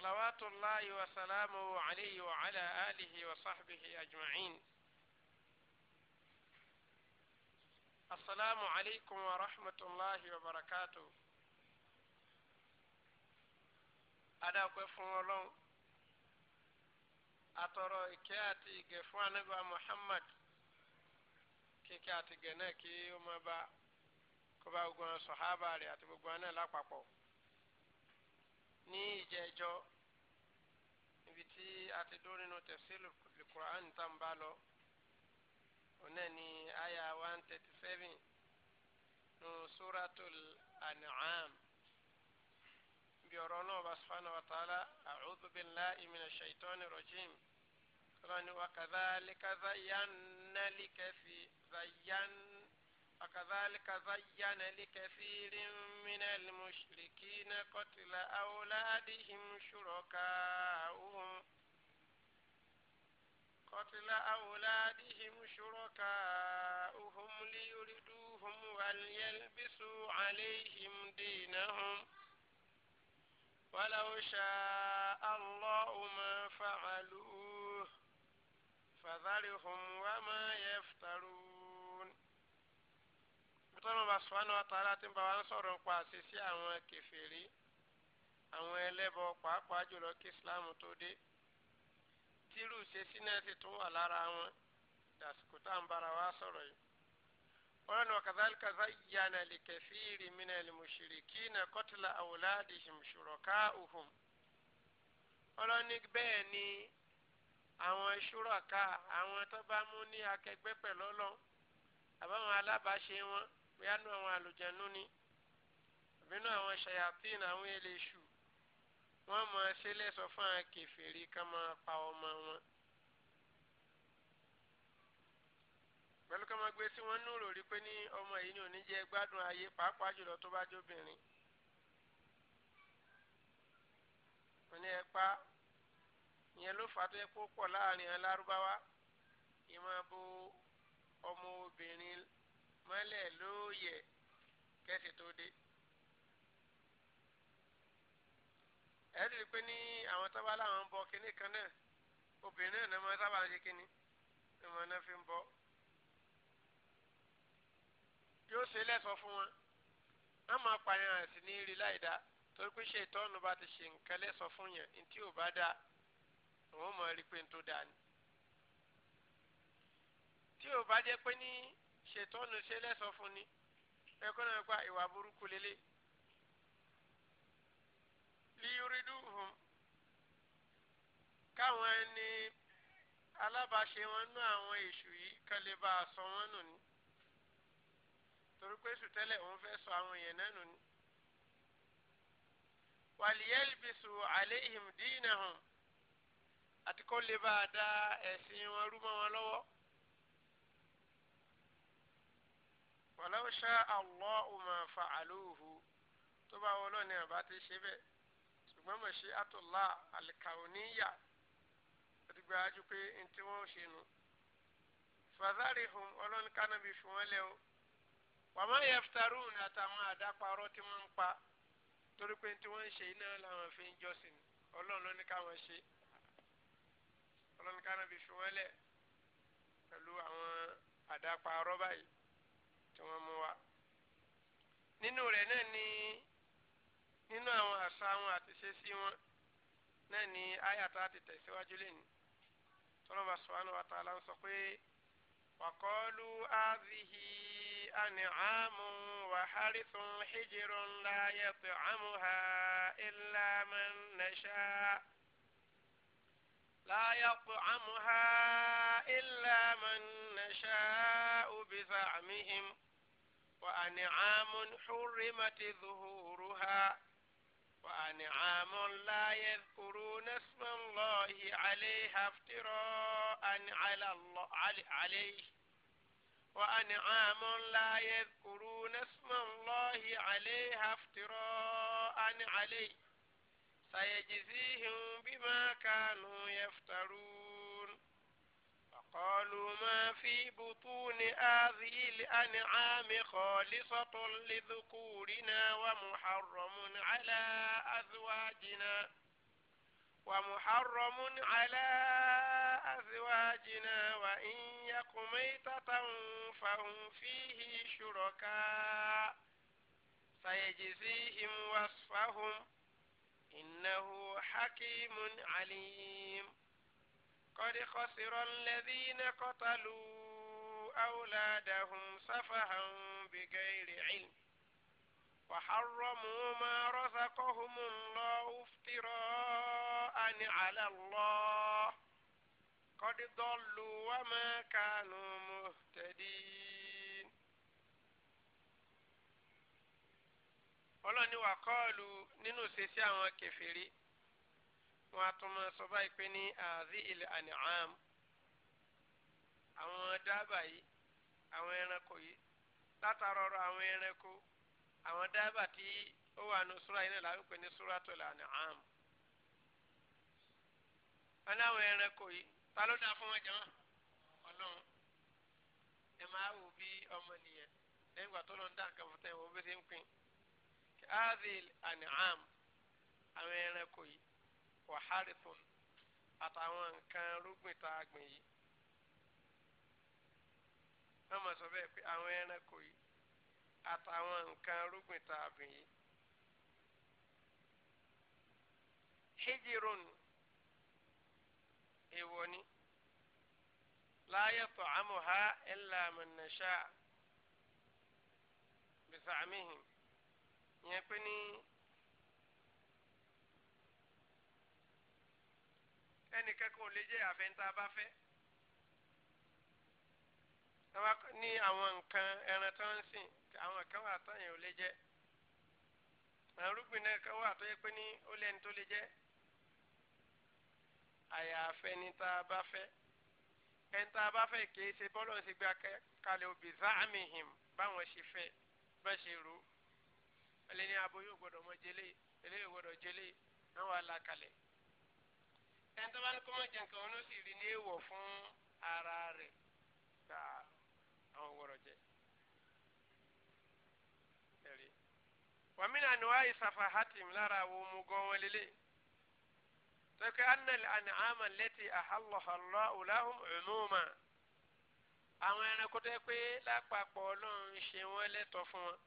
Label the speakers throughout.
Speaker 1: صلوات الله وسلامه عليه وعلى آله وصحبه أجمعين السلام عليكم ورحمة الله وبركاته أنا كفر الله أترى إكياتي كفوان محمد kíkẹ́ àti gẹ̀nẹ́ kí ó máa bá kó bá gbogbo àwọn sọ̀hábà ní ìjẹ́jọ́ níbi tí a ti dúró nínú tafsiru Qur'an tá n bá lọ ọ̀nà ni aya one thirty seven nù suratul an'am bí ọ̀rọ̀ náà bá subhanahu wa ta'ala a'udhu billahi minash shaitani rajim kọ́lá ni wa kadhalika zayyanna likathi وكذلك زين لكثير من المشركين قتل أولادهم شركاؤهم قتل أولادهم شركاؤهم ليردوهم وليلبسوا عليهم دينهم ولو شاء الله ما فعلوه فذرهم وما يفترون bitọnọ ba subahana wa taala ti ba wa sọ̀rọ̀ nkpa sisi àwọn kèfèrí àwọn ẹlẹ́bọ pàápàá jùlọ kí islam tó dé tírù sisi náà ti tún wà lára wọn dasiko tá à ń bára wa sọ̀rọ̀ yìí wọn nọ kazalika zayyana li kathiri min al mushrikina qatla awladihim shuraka'uhum ọlọ́ni bẹ́ẹ̀ ni àwọn ṣúrọ̀ká àwọn tó bá mú ní akẹgbẹ́ pẹ̀lú ọlọ́run àbáwọn alábàáṣe wọn bóyá nu àwọn àlùjànnú ni àbí nu àwọn ṣayatin àwọn èlé èṣù wọ́n máa ṣe lẹ́sọ fún àwọn kèfèrí ká máa pa ọmọ wọn. pẹ̀lú ká máa gbé tí wọ́n nú rò rí pé ní ọmọ yìí ni ò ní jẹ́ gbádùn ayé pàápàá jùlọ tó bá jóbìnrin. wọ́n ní ẹ ìyẹn ló fà á tó yẹ kó pọ̀ láàrin alárúbáwá ìmọ̀ bo ọmọ obìnrin mọ́lẹ̀ ló yẹ kẹ́sì tó dé. ẹ ti rí i pé ní àwọn tó bá láwọn ń bọ kinní kan náà obìnrin náà máa sábà ń ṣe kinní ni wọn náà fi ń bọ. yóò ṣe lẹ́sọ̀ fún wọn á máa pààyàn àti ní rí láì dá torí pé ṣe ìtọ́nu bá ti ṣe nǹkan lẹ́sọ̀ fún yẹn ní tí ò bá dáa òun mọ̀ rí pé ní tó dáa ni. tí ò bá jẹ́ pé ní ṣètọ́nu ṣe lẹ́sọ̀ fún ni ẹ̀kọ́ náà gba ìwà burúkú lélẹ̀ liyuridu hum káwọn ẹni alábàáṣe wọn nú àwọn èṣù yìí kan lè bá a sọ wọn nù ni torí pé èṣù tẹ́lẹ̀ òun fẹ́ sọ àwọn èèyàn náà nù ni wàlíyẹ́lbìsù àléhìm dínà hàn àti kó dá ẹ̀sìn wọn rú wọn lọ́wọ́. walau sha Allahu ma fa'aluhu tó bá wọlọ́ ni àbá ti ṣe bẹ́ẹ̀ ṣùgbọ́n mashi'atullah al-kawniyya ó ti gbájú pé n tí wọ́n ṣe nu fadharihum ọlọ́ni kánábì fún wọn lẹ́wọ́ wàmọ́ yaftarun àtàwọn àdáparọ́ tí wọ́n ń pa torí pé tí wọ́n ń ṣe iná làwọn fi ń jọ́sìn ọlọ́run ló ní káwọn ṣe ọlọ́run kánábì fún wọn lẹ̀ pẹ̀lú àwọn àdáparọ́ báyìí tí wọ́n mú wa. nínú rẹ̀ náà ni nínú àwọn àṣà wọn àti ṣesí wọn náà ni ayàtà ti tẹ̀síwájú lẹ́nu tọ́lọ́mà sọ̀hánù wa ta'ala ń sọ pé wàkọ́lù áàzìhì ànìcàmù wàhálìsùn xìjìrún láyé tìcàmùhà ìlàmà nàṣà. لا يطعمها إلا من نشاء بزعمهم وأنعام حرمت ظهورها وأنعام لا يذكرون اسم الله عليها افتراء على الله عليه وأنعام لا يذكرون اسم الله عليها افتراء عليه سيجزيهم بما كانوا يفترون قالوا ما في بطون هذه الأنعام خالصة لذكورنا ومحرم على أزواجنا ومحرم على أزواجنا وإن يك ميتة فهم فيه شركاء سيجزيهم وصفهم إنه حكيم عليم قد خسر الذين قتلوا أولادهم سفها بغير علم وحرموا ما رزقهم الله افتراء على الله قد ضلوا وما كانوا مهتدين ọlọ́ni wàá kọ́ọ̀lù nínú ìṣesí wọ́n á tún máa sọ báyìí pé ní àdí ilẹ̀ àníàm àwọn dábàá yìí àwọn ẹranko yìí látara ọ̀rọ̀ àwọn ẹranko àwọn dábàá tí ó wà ní sura yìí náà láwọn pè ní sura tó lẹ̀ àníàm
Speaker 2: wọn ní àwọn ẹranko
Speaker 1: yìí ta ló dáa fún wọn jẹ́ wọn ọlọ́run ẹ máa wò bí ọmọnìyàn lẹ́yìn ìgbà tó lọ ń dá nǹkan fún tẹ́wọ̀n ó bí ṣe ń pín áàdì àníàm àwọn ẹranko yìí wa harithun àtàwọn nǹkan rúgbìn tá a gbìn yìí wọ́n mọ̀ sọ bẹ́ẹ̀ pé àwọn ẹranko yìí àtàwọn nǹkan rúgbìn tá a gbìn yìí. hijirun èèwọ̀ ni láyé tó àmúhá illa man nasha yẹn pé ní. ẹnì kẹ́kọ̀ọ́ lè jẹ́ àfẹ́ntà bá fẹ́ tọ́ba ní àwọn nǹkan ẹran tó ń sìn àwọn kan wà tó yẹn ò lè jẹ́ àrùgbìn náà kan wà tó yẹ pé ní ó lẹ́ni tó lè jẹ́ àyàfẹ́ni tá a bá fẹ́ ẹni bá fẹ́ kì ṣe bọ́lọ̀ ń ṣe gbé kalẹ̀ òbí záàmìhìm báwọn ṣe fẹ́ bá ṣe rò ó ẹlẹ́ni abo gbọ́dọ̀ mọ jẹlé eléyìí gbọ́dọ̀ jẹlé náà wà lákàlẹ̀ ẹni tó bá ní kọ́mọ̀ jẹ nǹkan ọ̀nà sì rí ní èèwọ̀ fún ara rẹ̀ gbà àwọn wọ̀rọ̀ jẹ. wàmínà ni wàá ìsàfà hàtìm lára àwọn ọmọ gan wọn lélẹ̀ tẹ́kẹ́ annal an'ama lẹ́tì àhàlọ́hàlọ́ ọ̀làhùn ọ̀mọ́ọ̀mà àwọn ẹranko tẹ́ pé lápapọ̀ ọlọ́run ṣe wọ́n lẹ́tọ̀ fún wọn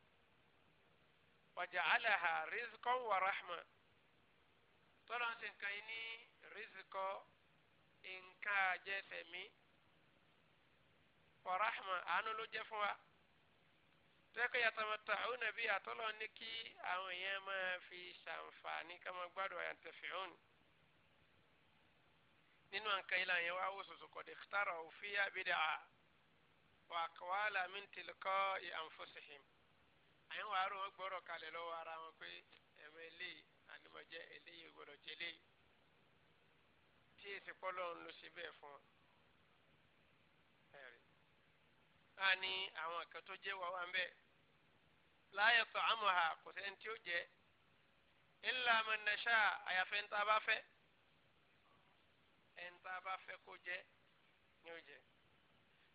Speaker 1: wàjà aláha rizqan wa tọ́lá ń ṣe nǹkan yìí ní rizikọ nǹkan àjẹsẹ̀mí wa rahma àánú ló jẹ́ fún wa tẹ́kọ̀ yàtọ̀mọ̀tà ó nàbí àtọ́lọ́ ní kí àwọn èèyàn máa fi ṣàǹfààní ká máa gbádùn àyàntẹ̀fẹ̀hún nínú nǹkan ilà yẹn wá wò sòsò kọ̀dé tààrà òfin àbídà wà kọ́wàlà mí tìlùkọ́ ìhànfọ́sẹ̀hìn àyẹ̀wò àrùn wọn kalẹ̀ lọ́wọ́ ara wọn pé ẹ̀mọ eléyìí ànimọ̀jẹ́ eléyìí gbọ́dọ̀ tí èsì pọ́lọ́run ló ṣe bẹ́ẹ̀ fún ọ. a ní àwọn kan tó jẹ́ wàá wá ń bẹ́ẹ̀ láyé tó àmọ̀ha kò sẹ́ni tí ó jẹ́ illa man nasha àyàfẹ́ ń tá bá fẹ́ ẹ̀ ń tá bá fẹ́ kó jẹ́ ni ó jẹ́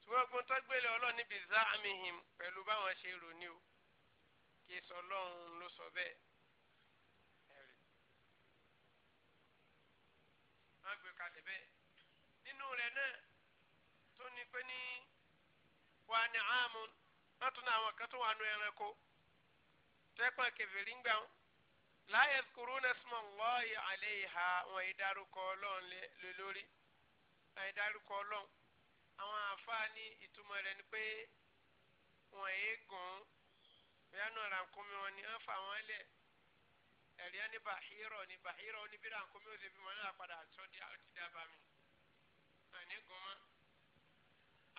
Speaker 1: ṣùgbọ́n ogun tó gbélé ọlọ́run níbi záàmìhìn pẹ̀lú báwọn ṣe rò ní o kí sọlọ́run ló sọ bẹ́ẹ̀. wọ́n gbé kalẹ̀ bẹ́ẹ̀ nínú rẹ̀ náà tó ní pé ní wà ní àmú wọ́n tún àwọn kan tó wà nù ẹranko tẹ́pọ̀n kẹfìrí ń gbà wọn láyé kúrú náà sùnmọ̀ lọ́ọ̀yì ìhà wọn ìdárúkọ ọlọ́run lé lórí wọn ìdárúkọ ọlọ́run àwọn àáfàá ní ìtumọ̀ ni pé wọ́n èé gùn bí wọ́n náà rà kún mi wọn ni wọ́n fà wọ́n lẹ̀ ẹ̀rí ẹni bàhírọ̀ ni bàhírọ̀ ni bí ránkó mi ò ṣe bímọ náà padà sọ di àti dábà mi àní gùn mọ́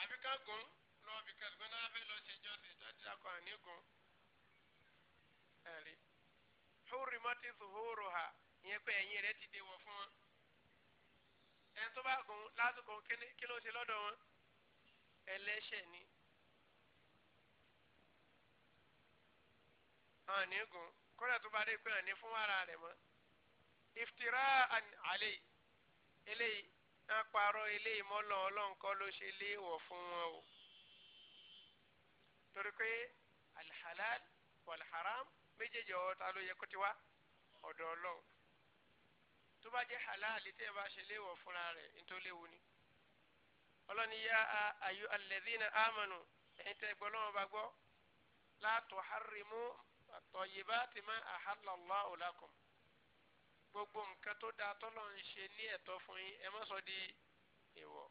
Speaker 1: àbí ká gùn lọ bí kẹsùgbọ́n náà fẹ́ lọ ṣe jọ́sìn láti dákọ̀ àní gùn ẹ̀rí húrì mọ́tì zuhúrù ha ìyẹn pé ẹ̀yìn rẹ̀ ti dèwọ̀ fún wọn ẹni tó bá gùn lásìkò kí ló ṣe lọ́dọ̀ wọn ẹlẹ́ṣẹ̀ ni àní gùn kọ́dà tó bá dé pé àní fún ara rẹ̀ mọ́ ìfitira àlẹ́ eléyìí náà parọ́ eléyìí mọ́lọ́ ọlọ́nkọ́ ló ṣe léèwọ̀ fún wọn o torí pé alhalal walharam méjèèjì ọwọ́ ta ló yẹ kó ti wá ọ̀dọ̀ ọlọ́run tó bá jẹ́ halal tẹ́ ẹ bá ṣe léèwọ̀ fúnra rẹ̀ nítorí léwu ni ọlọ́ni yá ayu alladhina amanu ẹ̀yin tẹ́ gbọ́ lọ́wọ́ bá gbọ́ la tuharrimu tọyibáàtì má ahallallahu lakum gbogbo nǹkan tó dáa tọ́lọ̀ ń ṣe ní ẹ̀tọ́ fún yín ẹ má sọ di èèwọ̀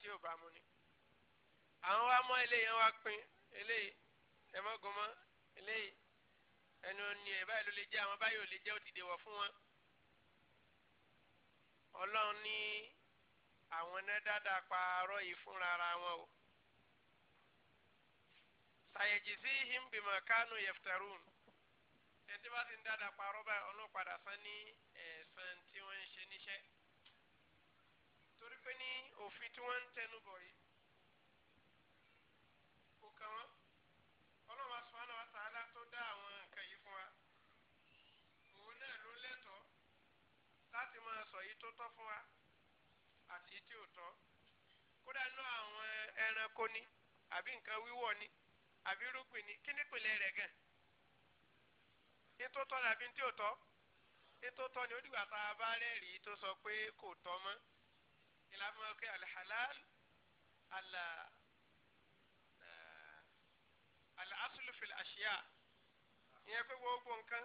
Speaker 1: tí ò bá mu ni. àwọn wa mọ eléyìí wá pin eléyìí ẹ má gun mọ́ eléyìí ẹnu ni ẹ báyìí ló lè jẹ́ àwọn báyìí ò lè jẹ́ ó ti dèwọ̀ fún wọn. ọlọ́run ní àwọn náà dáadáa pa arọ́ yìí fúnra ara wọn o sayajizihim bima kanu yaftarun ẹtí bá ti ń dáadáa parọ́ báyìí ọlọ́padà san ní ẹ̀san tí wọ́n ń ṣe níṣẹ́ torí pé ní òfin tí wọ́n ń tẹnu bọ̀ yìí kò kàn wọ́n ọlọ́run asọ́nà wa tààlà tó dá àwọn nǹkan yìí fún wa òun náà ló lẹ́tọ̀ọ́ láti máa sọ yìí tó tọ́ fún wa àti tí ò tọ́ kódà náà àwọn ẹranko ni àbí nǹkan wíwọ̀ ni àbí rúgbìn ni kí nípìnlẹ̀ rẹ̀ gan ètò tọ́ ni àbí tí ò tọ́ ètò tọ́ ni ó dìgbà tá a bá rẹ́rìí tó sọ pé kò tọ́ mọ́ ìlànà máa pé alhalal ala eh, alasulu fil àṣìyà ìyẹn pé gbogbo nǹkan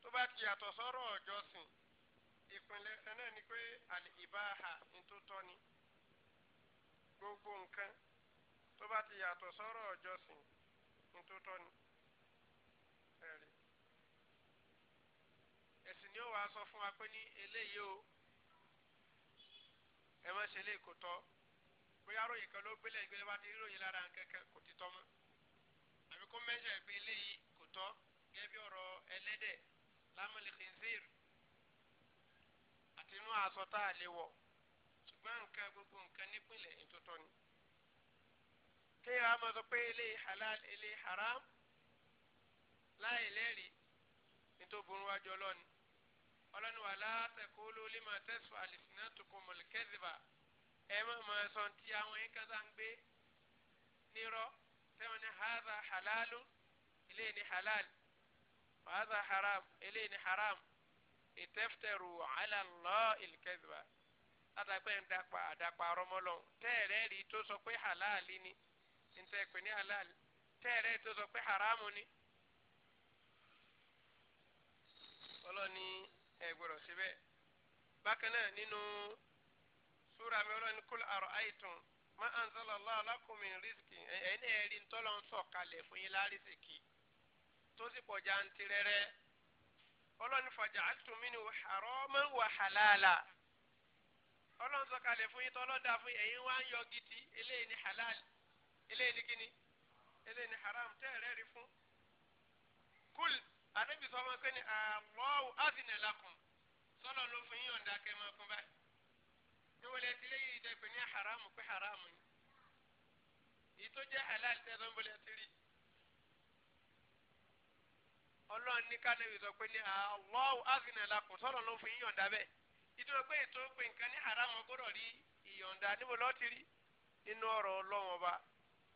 Speaker 1: tó bá ti yàtọ̀ sọ́rọ̀ ọ̀jọ́sìn ìpínlẹ̀ náà ni pé alìbáhà ntótọ́ ni gbogbo nǹkan tó bá ti yàtọ̀ sọ́rọ̀ ọ̀jọ́sìn ntótọ́ ni ẹ̀rí ni ó wàá sọ fún wa pé ní eléyìí o ẹ má ṣe eléyìí kò tọ́ bóyá ròyìn kan ló gbélé ìgbélé bá ti rí ròyìn lára kankan kò ti tọ́ mọ́ àbí kó mẹ́sẹ̀ pé eléyìí kò tọ́ gẹ́gẹ́ bí ọ̀rọ̀ ẹlẹ́dẹ̀ lámúlẹ̀ khinzir àti inú àsọtá àlewọ̀ ṣùgbọ́n nǹkan gbogbo nǹkan nípìnlẹ̀ ntótọ́ kéèyàn á máa sọ pé eléyìí halal eléyìí haram láì lẹ́rìí nítorí burú wájú ọlọ́ni ọlọ́ni wà látẹ̀kọ́ lórí máa tẹ̀sọ̀ àlìsínà tó kọ mọ̀lẹ́kẹ́sìbà ẹ má máa sọ ti àwọn yín kásá ń gbé nírọ́ sẹ́wọ̀n ní haza halalu eléyìí ní halal haza haram eléyìí ní haram ìtẹ́fẹ̀rù ala Allahi látàgbẹ́ ń dapà àdàpà rọmọlọ́n tẹ́ẹ̀rẹ́ rí tó sọ pé halal ni níta ẹ pè ní halal
Speaker 2: tẹ́ẹ̀rẹ́ tó sọ pé haramu ni
Speaker 1: ọlọ́ni ẹ gbọ́dọ̀ síbẹ̀ bákan náà nínú súra mi ọlọ́ni kul ara'aytum ma anzala Allah lakum min rizqi ẹ̀yin náà rí ntọ́lọ́ ń sọ kalẹ̀ fún yín lárísìkì tó sì pọ̀ jantirẹrẹ ọlọ́ni faja'altum minhu haraman wa halala ọlọ́run sọ kalẹ̀ fún yín tọ́lọ́ dà fún yín ẹ̀yin wá ń yọ gidi eléyìí ni halal eléyìí ni kíni eléyìí ni haram tẹ́ẹ̀rẹ́ rí fún. kúl anábì sọ wọn pé ni Allahu azina lakum sọ́lọ́ ló fún yíyan dákẹ́ máa kún báyìí. níwọlé tí dẹ pé ní haram pé haram ni. èyí tó jẹ́ halal tẹ́sán bọ́lẹ̀ ti rí. ọlọ́run ní kánábì sọ pé ní Allahu azina lakum sọ́lọ́ ló fún yíyan dábẹ́. ìdúró pé ètò pé nǹkan ní haram gbọ́dọ̀ rí ìyọ̀ǹda níbo lọ́ọ́ ti rí nínú ọ̀rọ̀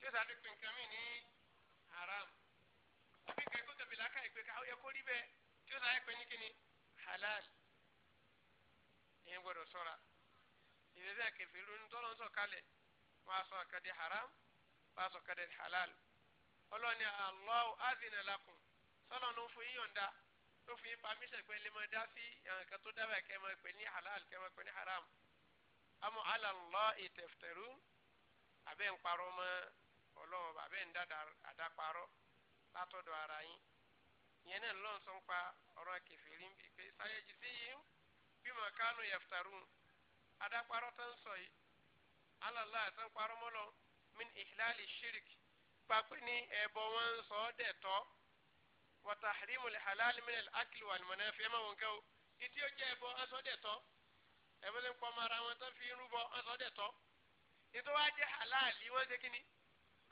Speaker 1: tí ó sàbí pin nǹkan mi ní haram àbí nǹkan kó tẹ̀lé láká ìpè ká ó yẹ kó rí bẹ́ẹ̀ tí ó sàbí pin ní kíni halal ìyẹn gbọdọ̀ sọ́ra ìdẹ́sẹ̀ kẹfẹ́ lónìí tọ́lọ́ ń sọ kalẹ̀ wọ́n á sọ àkàdé haram wọ́n á sọ àkàdé halal ọlọ́ni Allahu azina lakum sọ́lọ́ ló fún yín yọ̀ǹda ló fún yín pàmíṣẹ̀ pé lè máa dá sí àwọn kan tó dábàá kẹ́ máa pè ní halal kẹ́ máa pè ní haram àmọ́ ala Allahi taftarun àbẹ́ ọlọ́run bàbá ẹ̀ ń dàdà àdáparọ́ látọ̀dọ̀ ara yín ìyẹn náà lọ́n sọ ń pa ọ̀rọ̀ kẹfìrí ń bí pé sáyẹ́jì sí yìí bí mà kánú yaftarun adáparọ́ tó ń sọ yìí alàlá àti ńparọ́ mọ́lọ́ min ihlali shirk pàpẹ́ ní ẹ̀bọ wọn ń sọ ọ́ dẹ̀ tọ́ wa tahrimul halal minal akli wal manafi ẹ̀ máa wọn kẹ́ ìtí ó jẹ́ ẹ̀bọ ń sọ dẹ̀ tọ́ ẹ̀bọ ti ń pọ́ mara wọn tó fi rúbọ ń sọ dẹ̀ tọ́ ìtọ́wá jẹ́ halal ṣe kíni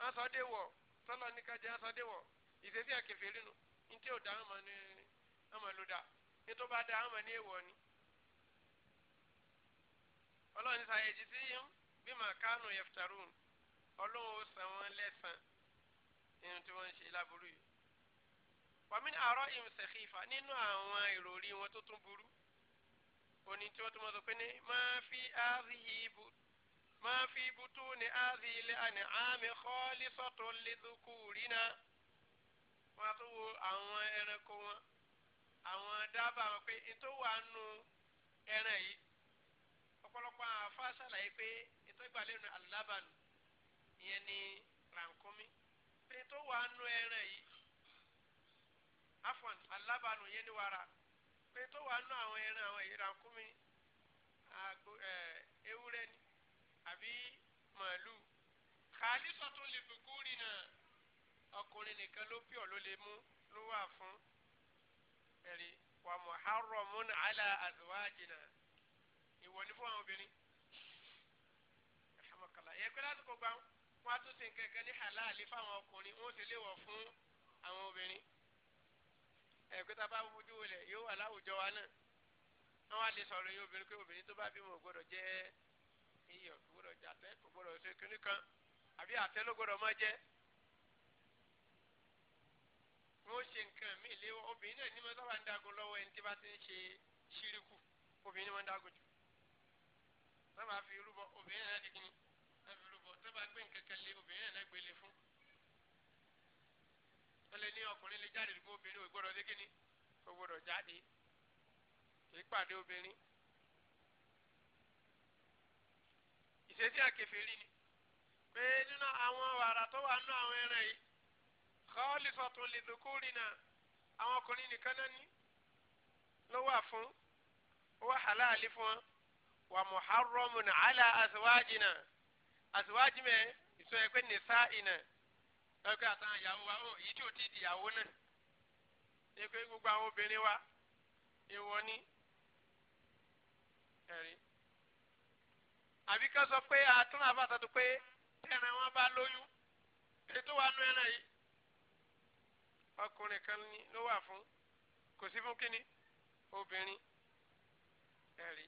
Speaker 1: asọdéwọ tọlọ nìkan jẹ asọdéwọ ìṣesí àkèfèrè nu ntí ò dá ọmọ ni, ọmọ ló dá ètò bá dá ọmọ ní èèwọ̀ ni. ọlọ́run ṣàyẹ̀ jì sí yín bí màkánù yẹftarun ọlọ́run ó san wọn lẹ́sàn-án nínú tí wọ́n ń ṣe láburú yìí. wàmí àárọ̀ ìmùsẹ̀kìfà nínú àwọn ìròrí wọn tó tún burú òní tí wọ́n tún mọ̀ sọ pé ní máa fi áàrí yìí ما في بطون هذه الأنعام خالصة لذكورنا wọ́n tó wo àwọn ẹranko wọn àwọn dábàá wọn pé ètò wà nù ẹran yìí ọ̀pọ̀lọpọ̀ àfa ṣàlàyé pé ètò ìgbàlẹ́nu alábàánu ìyẹn ni rànkómi pé ètò wà nù ẹran yìí afọ̀n alábàánu ìyẹn ni wàrà pé ètò wà nù àwọn ẹran àwọn èyí rànkómi ewúrẹ́ ni àbí màálù kàlísọ tó lè fòkúrì náà ọkùnrin nìkan ló pìọ̀ ló lè mú ló wà fún ẹ̀rí wà muharramun ala azwajina ìwọ ní fún àwọn obìnrin alhamdulilayi ẹ̀yẹ pé lásìkò gbà wọn á tún ṣe nǹkan kan ní halali fáwọn ọkùnrin wọn ó sì léwọ̀ fún àwọn obìnrin ẹ̀yẹ tá a bá fojú wọlé yóò wà láwùjọ wa náà wọn á lè sọ̀rọ̀ yín obìnrin pé obìnrin tó bá bímọ ò gbọ́dọ̀ jẹ́ iyọ̀ àtẹ kò gbọdọ̀ ṣe kinní kan
Speaker 2: àbí àtẹ ló gbọdọ̀ máa jẹ
Speaker 1: wọn ṣe nǹkan mí lé obìnrin náà ní mọ́tò bá ń dagun lọ́wọ́ ẹni tí bá ti ń ṣe ṣíríkù obìnrin ni wọ́n ń dagun jù wọ́n máa fi rúbọ obìnrin náà di kíni wọ́n fi rúbọ tó bá gbé nǹkan kan lé obìnrin náà gbélé fún wọ́n lè ní ọkùnrin lè jáde dùgbò obìnrin ò gbọ́dọ̀ dé kíni ò gbọ́dọ̀ jáde kì í pàdé obìnrin. ìṣesí àkèfèrí ni pé nínú àwọn wàrà tó wà nínú àwọn ẹran yìí khalisatun lidhukurina àwọn ọkùnrin nìkan náà ní ló wà fún ó wà halali fún wọn wa muharramun ala azwajina azwaji mẹ ìsọ yẹ pé nisa'ina ẹgbẹ́ àtàwọn ìyàwó wa ó èyí tí ò ti di ìyàwó náà ẹ pé gbogbo àwọn obìnrin wa èèwọ̀ ni ẹ̀rí àbí ká sọ pé àtún àbàtà tó pé ẹran wọn bá lóyún ètò wa nu ẹran yìí ọkùnrin kan ló wà fún kò sí fún kínní obìnrin ẹ̀rí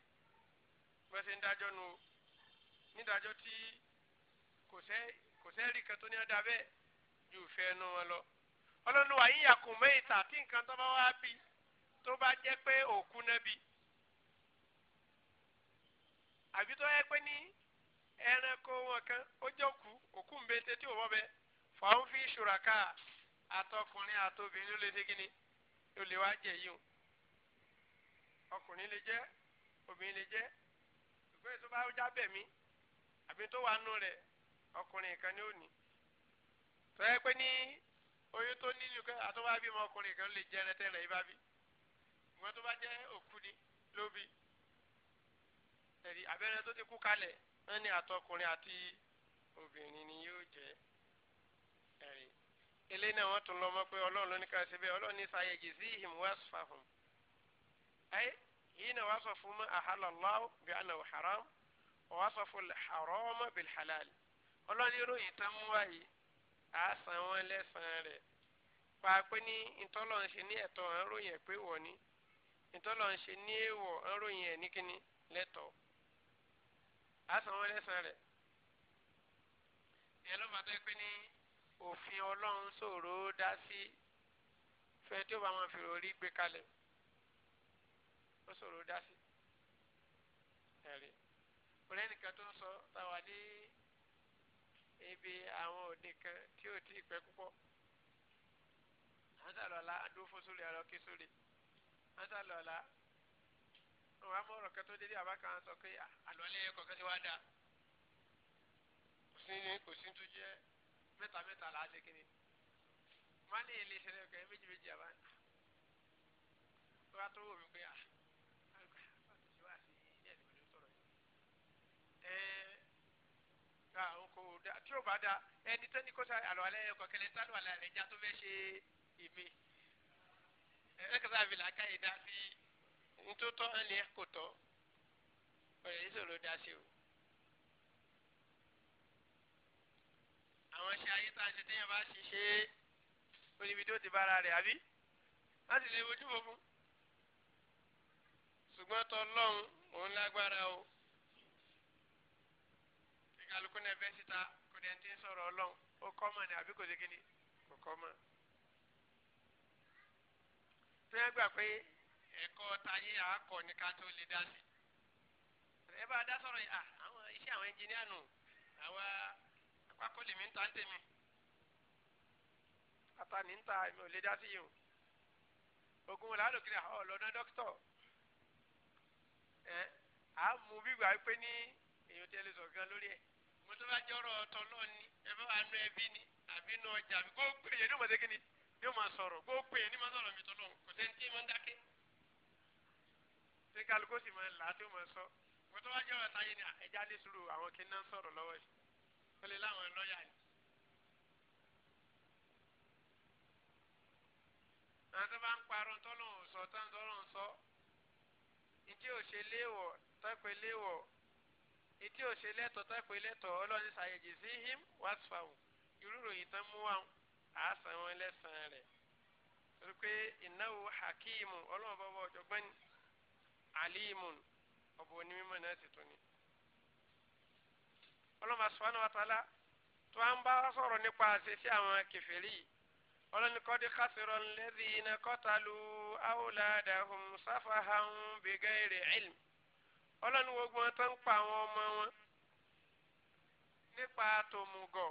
Speaker 1: bẹ́ẹ̀ ṣe ń dájọ́ nu o nídájọ́ tí kò sẹ́ kò sẹ́ẹ̀rì kan tó ní ọ̀dà bẹ́ẹ̀ ju ìfẹ́ ẹnu wọn lọ ọlọ́run wà yín yàkùn mẹ́ta tí nǹkan tó bá wá bí tó bá jẹ́ pé òkú náà bí. àbí tó yẹ pé ní ẹranko wọn kan ó jọkù òkú ń bẹ tètè òwò bẹ fàáhùn fi ṣùràká àtọkùnrin àtobìnrin ló lè ṣe kíni ló lè wá jẹ yìí o ọkùnrin le jẹ obìnrin lè jẹ ìgbẹ́ tó bá jábẹ̀ mí àbí tó wà nù rẹ̀ ọkùnrin kan ni ó ní tó yẹ pé ní oyún tó ní nìkan àtọ́wá bímọ ọkùnrin kan lè jẹ ẹrẹtẹ rẹ̀ yìí bá bí ìgbẹ́ tó bá jẹ òkú ni ló ẹ̀rí abẹ́rẹ́ tó ti kú kalẹ̀ wọ́n ní àtọkùnrin àti obìnrin ni yóò jẹ́ ẹ̀rí eléyìí náà wọ́n tún lọ mọ́ pé ọlọ́run ló ní ká ṣe bẹ́ẹ̀ ọlọ́run ní sàyẹ̀jì sí ìhìn wasfahum ayé yìí náà wàá sọ fún mọ́ ahalallahu bí anahu haram wàá sọ fún haroma bil halal ọlọ́run ìròyìn tán mú wáyé àá san wọ́n lẹ́sàn-án rẹ̀ pàápẹ́ ní ìtọ́lọ̀ ní ẹ̀tọ́ ń ròyìn ẹ̀ pé wọ̀ ni ìtọ́lọ̀ ní èèwọ̀ ń ròyìn ẹ̀ ní kíní lẹ́tọ̀ọ́ àsàn wọn lẹ́sàn rẹ̀ ìyẹn ló máa tẹ́ pé ní òfin ọlọ́run ṣòro dá sí fẹ́ tí ó bá wọn fi orí gbé kalẹ̀ ó ṣòro dá sí ẹ̀rí orí ẹnìkan tó ń sọ táwa ní ibi àwọn òde kan tí ò tí ì pẹ́ púpọ̀ wọ́n sàlọ̀ ọ̀la dúró fún sórí ọ̀rọ̀ kí sórí wọ́n sàlọ̀ ọ̀la wọn á mọ ọ̀rọ̀ kẹtọ dédé àbákan sọ pé àlọlẹ ẹkọ kẹsí wá dá kò sí ní kò sí tó jẹ mẹ́ta mẹ́ta là á ṣe kíni má lè lè ṣẹlẹ̀ kẹ méjì méjì àbá wọn á tó wò mí pé à tí o bá da ẹni tó ní kó sa àlọlẹ ẹkọ kẹlẹ sálọ àlẹ rẹ já tó fẹ́ ṣe èmi ẹ ntótọ́ ẹlẹ́ kò tọ́ ọ̀rẹ́ ìṣòro dá sí o. àwọn ṣe ayé tá a ṣe téèyàn bá ṣe ṣe é oníbi tó ti bára rẹ̀ àbí má sì lè wojú fòfun. ṣùgbọ́n tọ́ lọ́hùn òun lágbára o. kíkàlùkù náà fẹ́ síta kò dẹ̀ ti ń sọ̀rọ̀ ọlọ́hùn ó kọ́ mọ̀ ní àbí kò sí kíni kò kọ́ mọ̀. tó yẹn gbà pé ẹ̀kọ́ tayé àákọ́ ni ká tó lè dá sí ẹ bá dá sọ̀rọ̀ yìí ah, àwọn iṣẹ́ àwọn ẹnjìníà nù àwọn akọ́lé ń ta ń tèmi ata ni ń ta èmi ò lè dá sí yìí o ogun wọn làálò kiri àwọn ah, ọlọ́dọ̀ dókítọ̀ ẹ à á mú bí wàá pé ní èyàn tí ẹ lè sọ gan lórí ẹ mo tó bá jẹ́ ọ̀rọ̀ ọ̀tọ̀ náà ni ẹ bá wà nú ẹbí ni àbí nú ọjà mi kó pè é ní ọmọdé kí ni ní ọmọ sọ̀rọ̀ kó pè é ní ọmọ sọ̀rọ̀ mi tọ́lọ́ kò sẹ́ni tí mo ń dákẹ́ ṣé kálukó sì máa ń là á tó máa sọ wọ́n tó wá jẹ́ ọ̀rọ̀ táyé ni ẹja ní sùúrù àwọn kìnnà ń sọ̀rọ̀ lọ́wọ́ yìí wọ́n lè láwọn lọ́ọ̀yà ni. àwọn tó bá ń parọ́ tọ́lọ́hún sọ tọ́lọ́hún sọ ìdí òṣè léèwọ̀ tọ́pẹ́ léèwọ̀ ìdí òṣè lẹ́tọ̀ tọ́pẹ́ lẹ́tọ̀ ọlọ́ni ṣàyẹ̀jì sí him wàásùfàwù irúrò yìí tán mú wa àásàn wọn lẹ́sàn-án rẹ̀ torí pé ìnáwó hakeem ọlọ́run bọ́bọ́ ọ̀jọ̀gbọ́n ni alimun ọba onímọ̀ náà sì tún ni. ọlọ́mọ asùnwánà wàtálá tó à ń bá sọ̀rọ̀ nípa àṣeṣe àwọn kẹfẹ́rì ọlọ́ni kọ́dí kásìrọ̀ lẹ́dí iná kọ́tàlú awladahum sáfàhàn bighairi ilm ọlọ́ni gbogbo wọn tó ń pa àwọn ọmọ wọn nípa tòmùgọ̀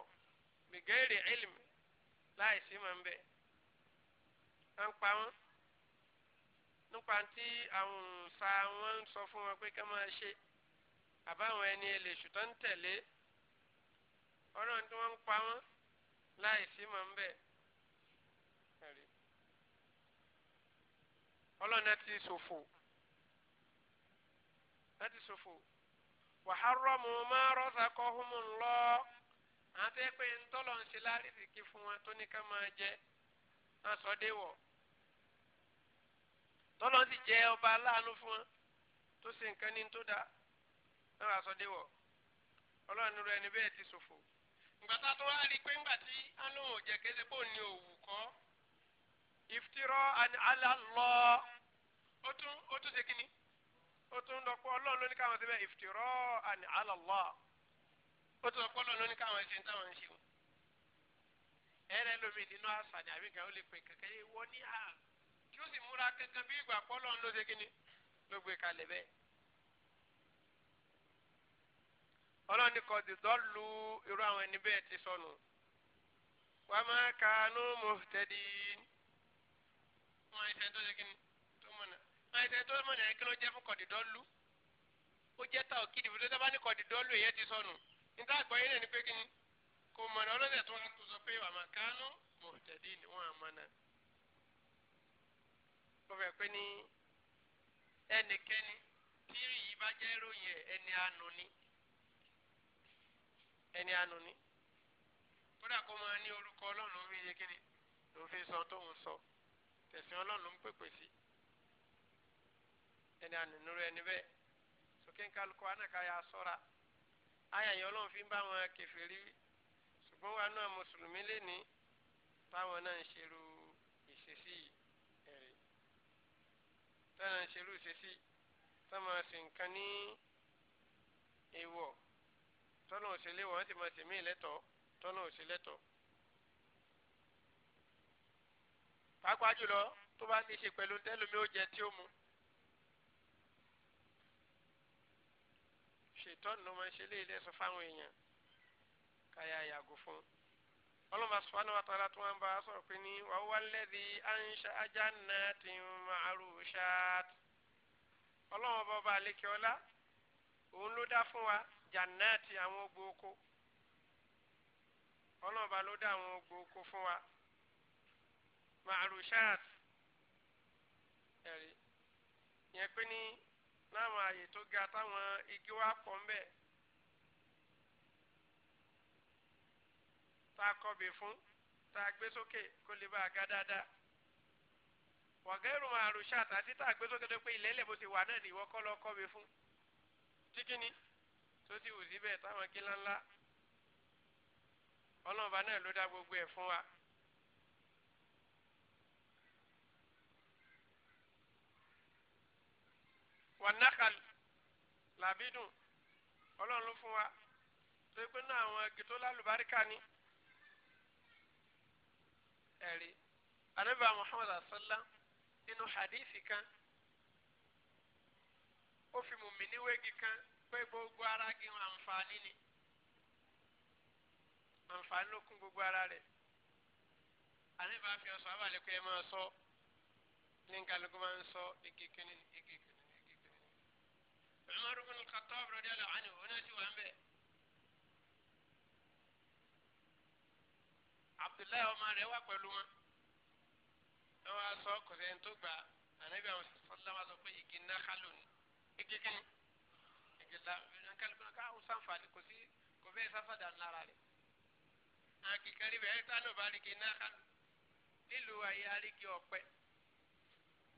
Speaker 1: bighairi ilm láìsí mọ̀ ń bẹ̀ ń pa wọn nípa tí àwọn sa wọn ń sọ fún wọn pé ká máa ṣe àbáwọn ẹni èlè ṣùtọ́ ń tẹ̀lé ọlọ́run tí wọ́n ń pa wọ́n láì sí mọ̀ ń bẹ̀.
Speaker 2: ọlọ́run ti ṣòfò
Speaker 1: náà ti ṣòfò wàhárọ́mù máa rọ́ṣà kọ́ húnmù ńlọ àti pé ńtọ́lọ́ ń ṣe láríṣìkí fún wọn tó ní ká máa jẹ náà déwọ̀. tọ́lọ́ sì jẹ́ ọba aláàánú fún wọn tó ṣe nǹkan ní tó dáa náà sọ ọlọ́run rẹ ni bẹ́ẹ̀ ti ṣòfò ìgbà tá a tó wá rí i pé ńgbà tí alóhùn òjẹ kéde bò ní òwú kọ́ ìfitirọ́ alálọ́ ó tún ó tún ṣe kínní ó tún lọ pọ́ ọlọ́run ló ní káwọn ṣe bẹ́ẹ̀ ìfitirọ́ alálọ́ ó tún lọ yóò sì múra kankan bí ìgbà pọ́lọ́ ló ṣe kíni ló gbé kalẹ̀ bẹ́ẹ̀. ọlọ́run ní kọ́ọ̀dì dọ́ọ̀lù irú àwọn ẹni bẹ́ẹ̀ ti sọnù. wàá máa kánú mọ̀tẹ́dì wọn ẹsẹ̀ tó ṣe kíni tó mọ̀nà wọn ẹsẹ̀ tó mọ̀nà yẹn kí ló jẹ́ fún kọ́ọ̀dì dọ́ọ̀lù ó jẹ́ tà òkìdì fún tó bá ní kọ́ọ̀dì dọ́ọ̀lù èyẹ ti sọnù níta àgbọ̀yé náà ni pé kíni
Speaker 2: kò mọ̀nà ọlọ́sẹ̀ tó wà tó sọ pé wàá máa kánú
Speaker 1: mọ̀tẹ́dì ni wọ́n á wọ́n fẹ́ pé ní ẹnikẹ́ni tírì yìí bá jẹ́ ìròyìn ẹni àánú ni ẹni àánú ni kódà kó máa ní orúkọ ọlọ́run ló fi yé kéde ló fi sọ tóun sọ tẹ̀sán ọlọ́run ló ń pèpè sí ẹni àánú nírú ẹni bẹ́ẹ̀ sókè ń kálukọ anákàyà sọ́ra ayàyẹ ọlọ́run fi ń bá wọn kèfèrí wí ṣùgbọ́n wa náà mùsùlùmí lé ní táwọn náà ń ṣerú táwọn ń ṣerú ṣe sí táwọn máa ṣe nǹkan ní èèwọ̀ tọ́nà òṣèlé wọn sì máa ṣèmí ìlẹ́tọ̀ tọ́nà òṣèlẹ́tọ̀. pàápàá jùlọ tó bá ní í ṣe pẹ̀lú tẹ́lómi ó jẹ tí ó mu. ṣètọ́nù ló máa ń ṣe léèlé fáwọn èèyàn káyà yàgò fún ọlọ́mọ subhanahu wa ta'ala tó ń bá a sọ̀rọ̀ pé ní wa huwa alladhi ansha'a jannatin ma'rushat ọlọ́mọ bọba àlekè ọlá òun ló dá fún wa jannati àwọn ogbó oko ọlọ́mọba ló dá àwọn ogbó oko fún wa ma'rushat ẹ̀rí yẹn pé ní láwọn àyè tó ga táwọn igi wa pọ̀ ń bẹ́ẹ̀. tá a kọbè fún tá a gbé sókè kó lè bá a ga dáadáa wọ̀gẹ́rù àrùṣà àti tá a gbé sókè tó pé ìlẹ́lẹ̀ bó ti wà náà ní ìwọ kọ́ lọ kọbè fún tíkíní tó ti wù síbẹ̀ táwọn kílá ńlá ọlọ́ọ̀bá náà ló dá gbogbo ẹ̀ fún wa. wanakal làbídùn ọlọ́run ló fún wa tó pé náà àwọn igi tó lálùbáríkà ni ẹ̀rí anabi muhammad asala nínú hadithi kan ó fi mùmíní wégi kan pé gbogbo ara gi àǹfààní ni àǹfààní ló kún gbogbo ara rẹ̀ anabi afi ọ̀sọ́ abalẹ̀ kó yẹ máa sọ ní nkàlùkù máa ń sọ igi kìnìún igi kìnìún igi kìnìún. umar ibn al-khattab radiyallahu anhu ọ̀nà tí wàá ń abdullahi ọmọ rẹ̀ wà pẹ̀lú wọn ẹ wá sọ kọsẹ̀ tó gbà ànábì àwọn sọ́dọ̀ wa sọ pé igi ńlá kálò ní igi kíni igi ńlá kálukú náà káwọn sànfàní kò sí kò fẹ́ sáfàdà ńlára rẹ̀ akíkari bẹ́ẹ̀ tánù bá rí igi ńlá kálò nílùú ayé arígi ọ̀pẹ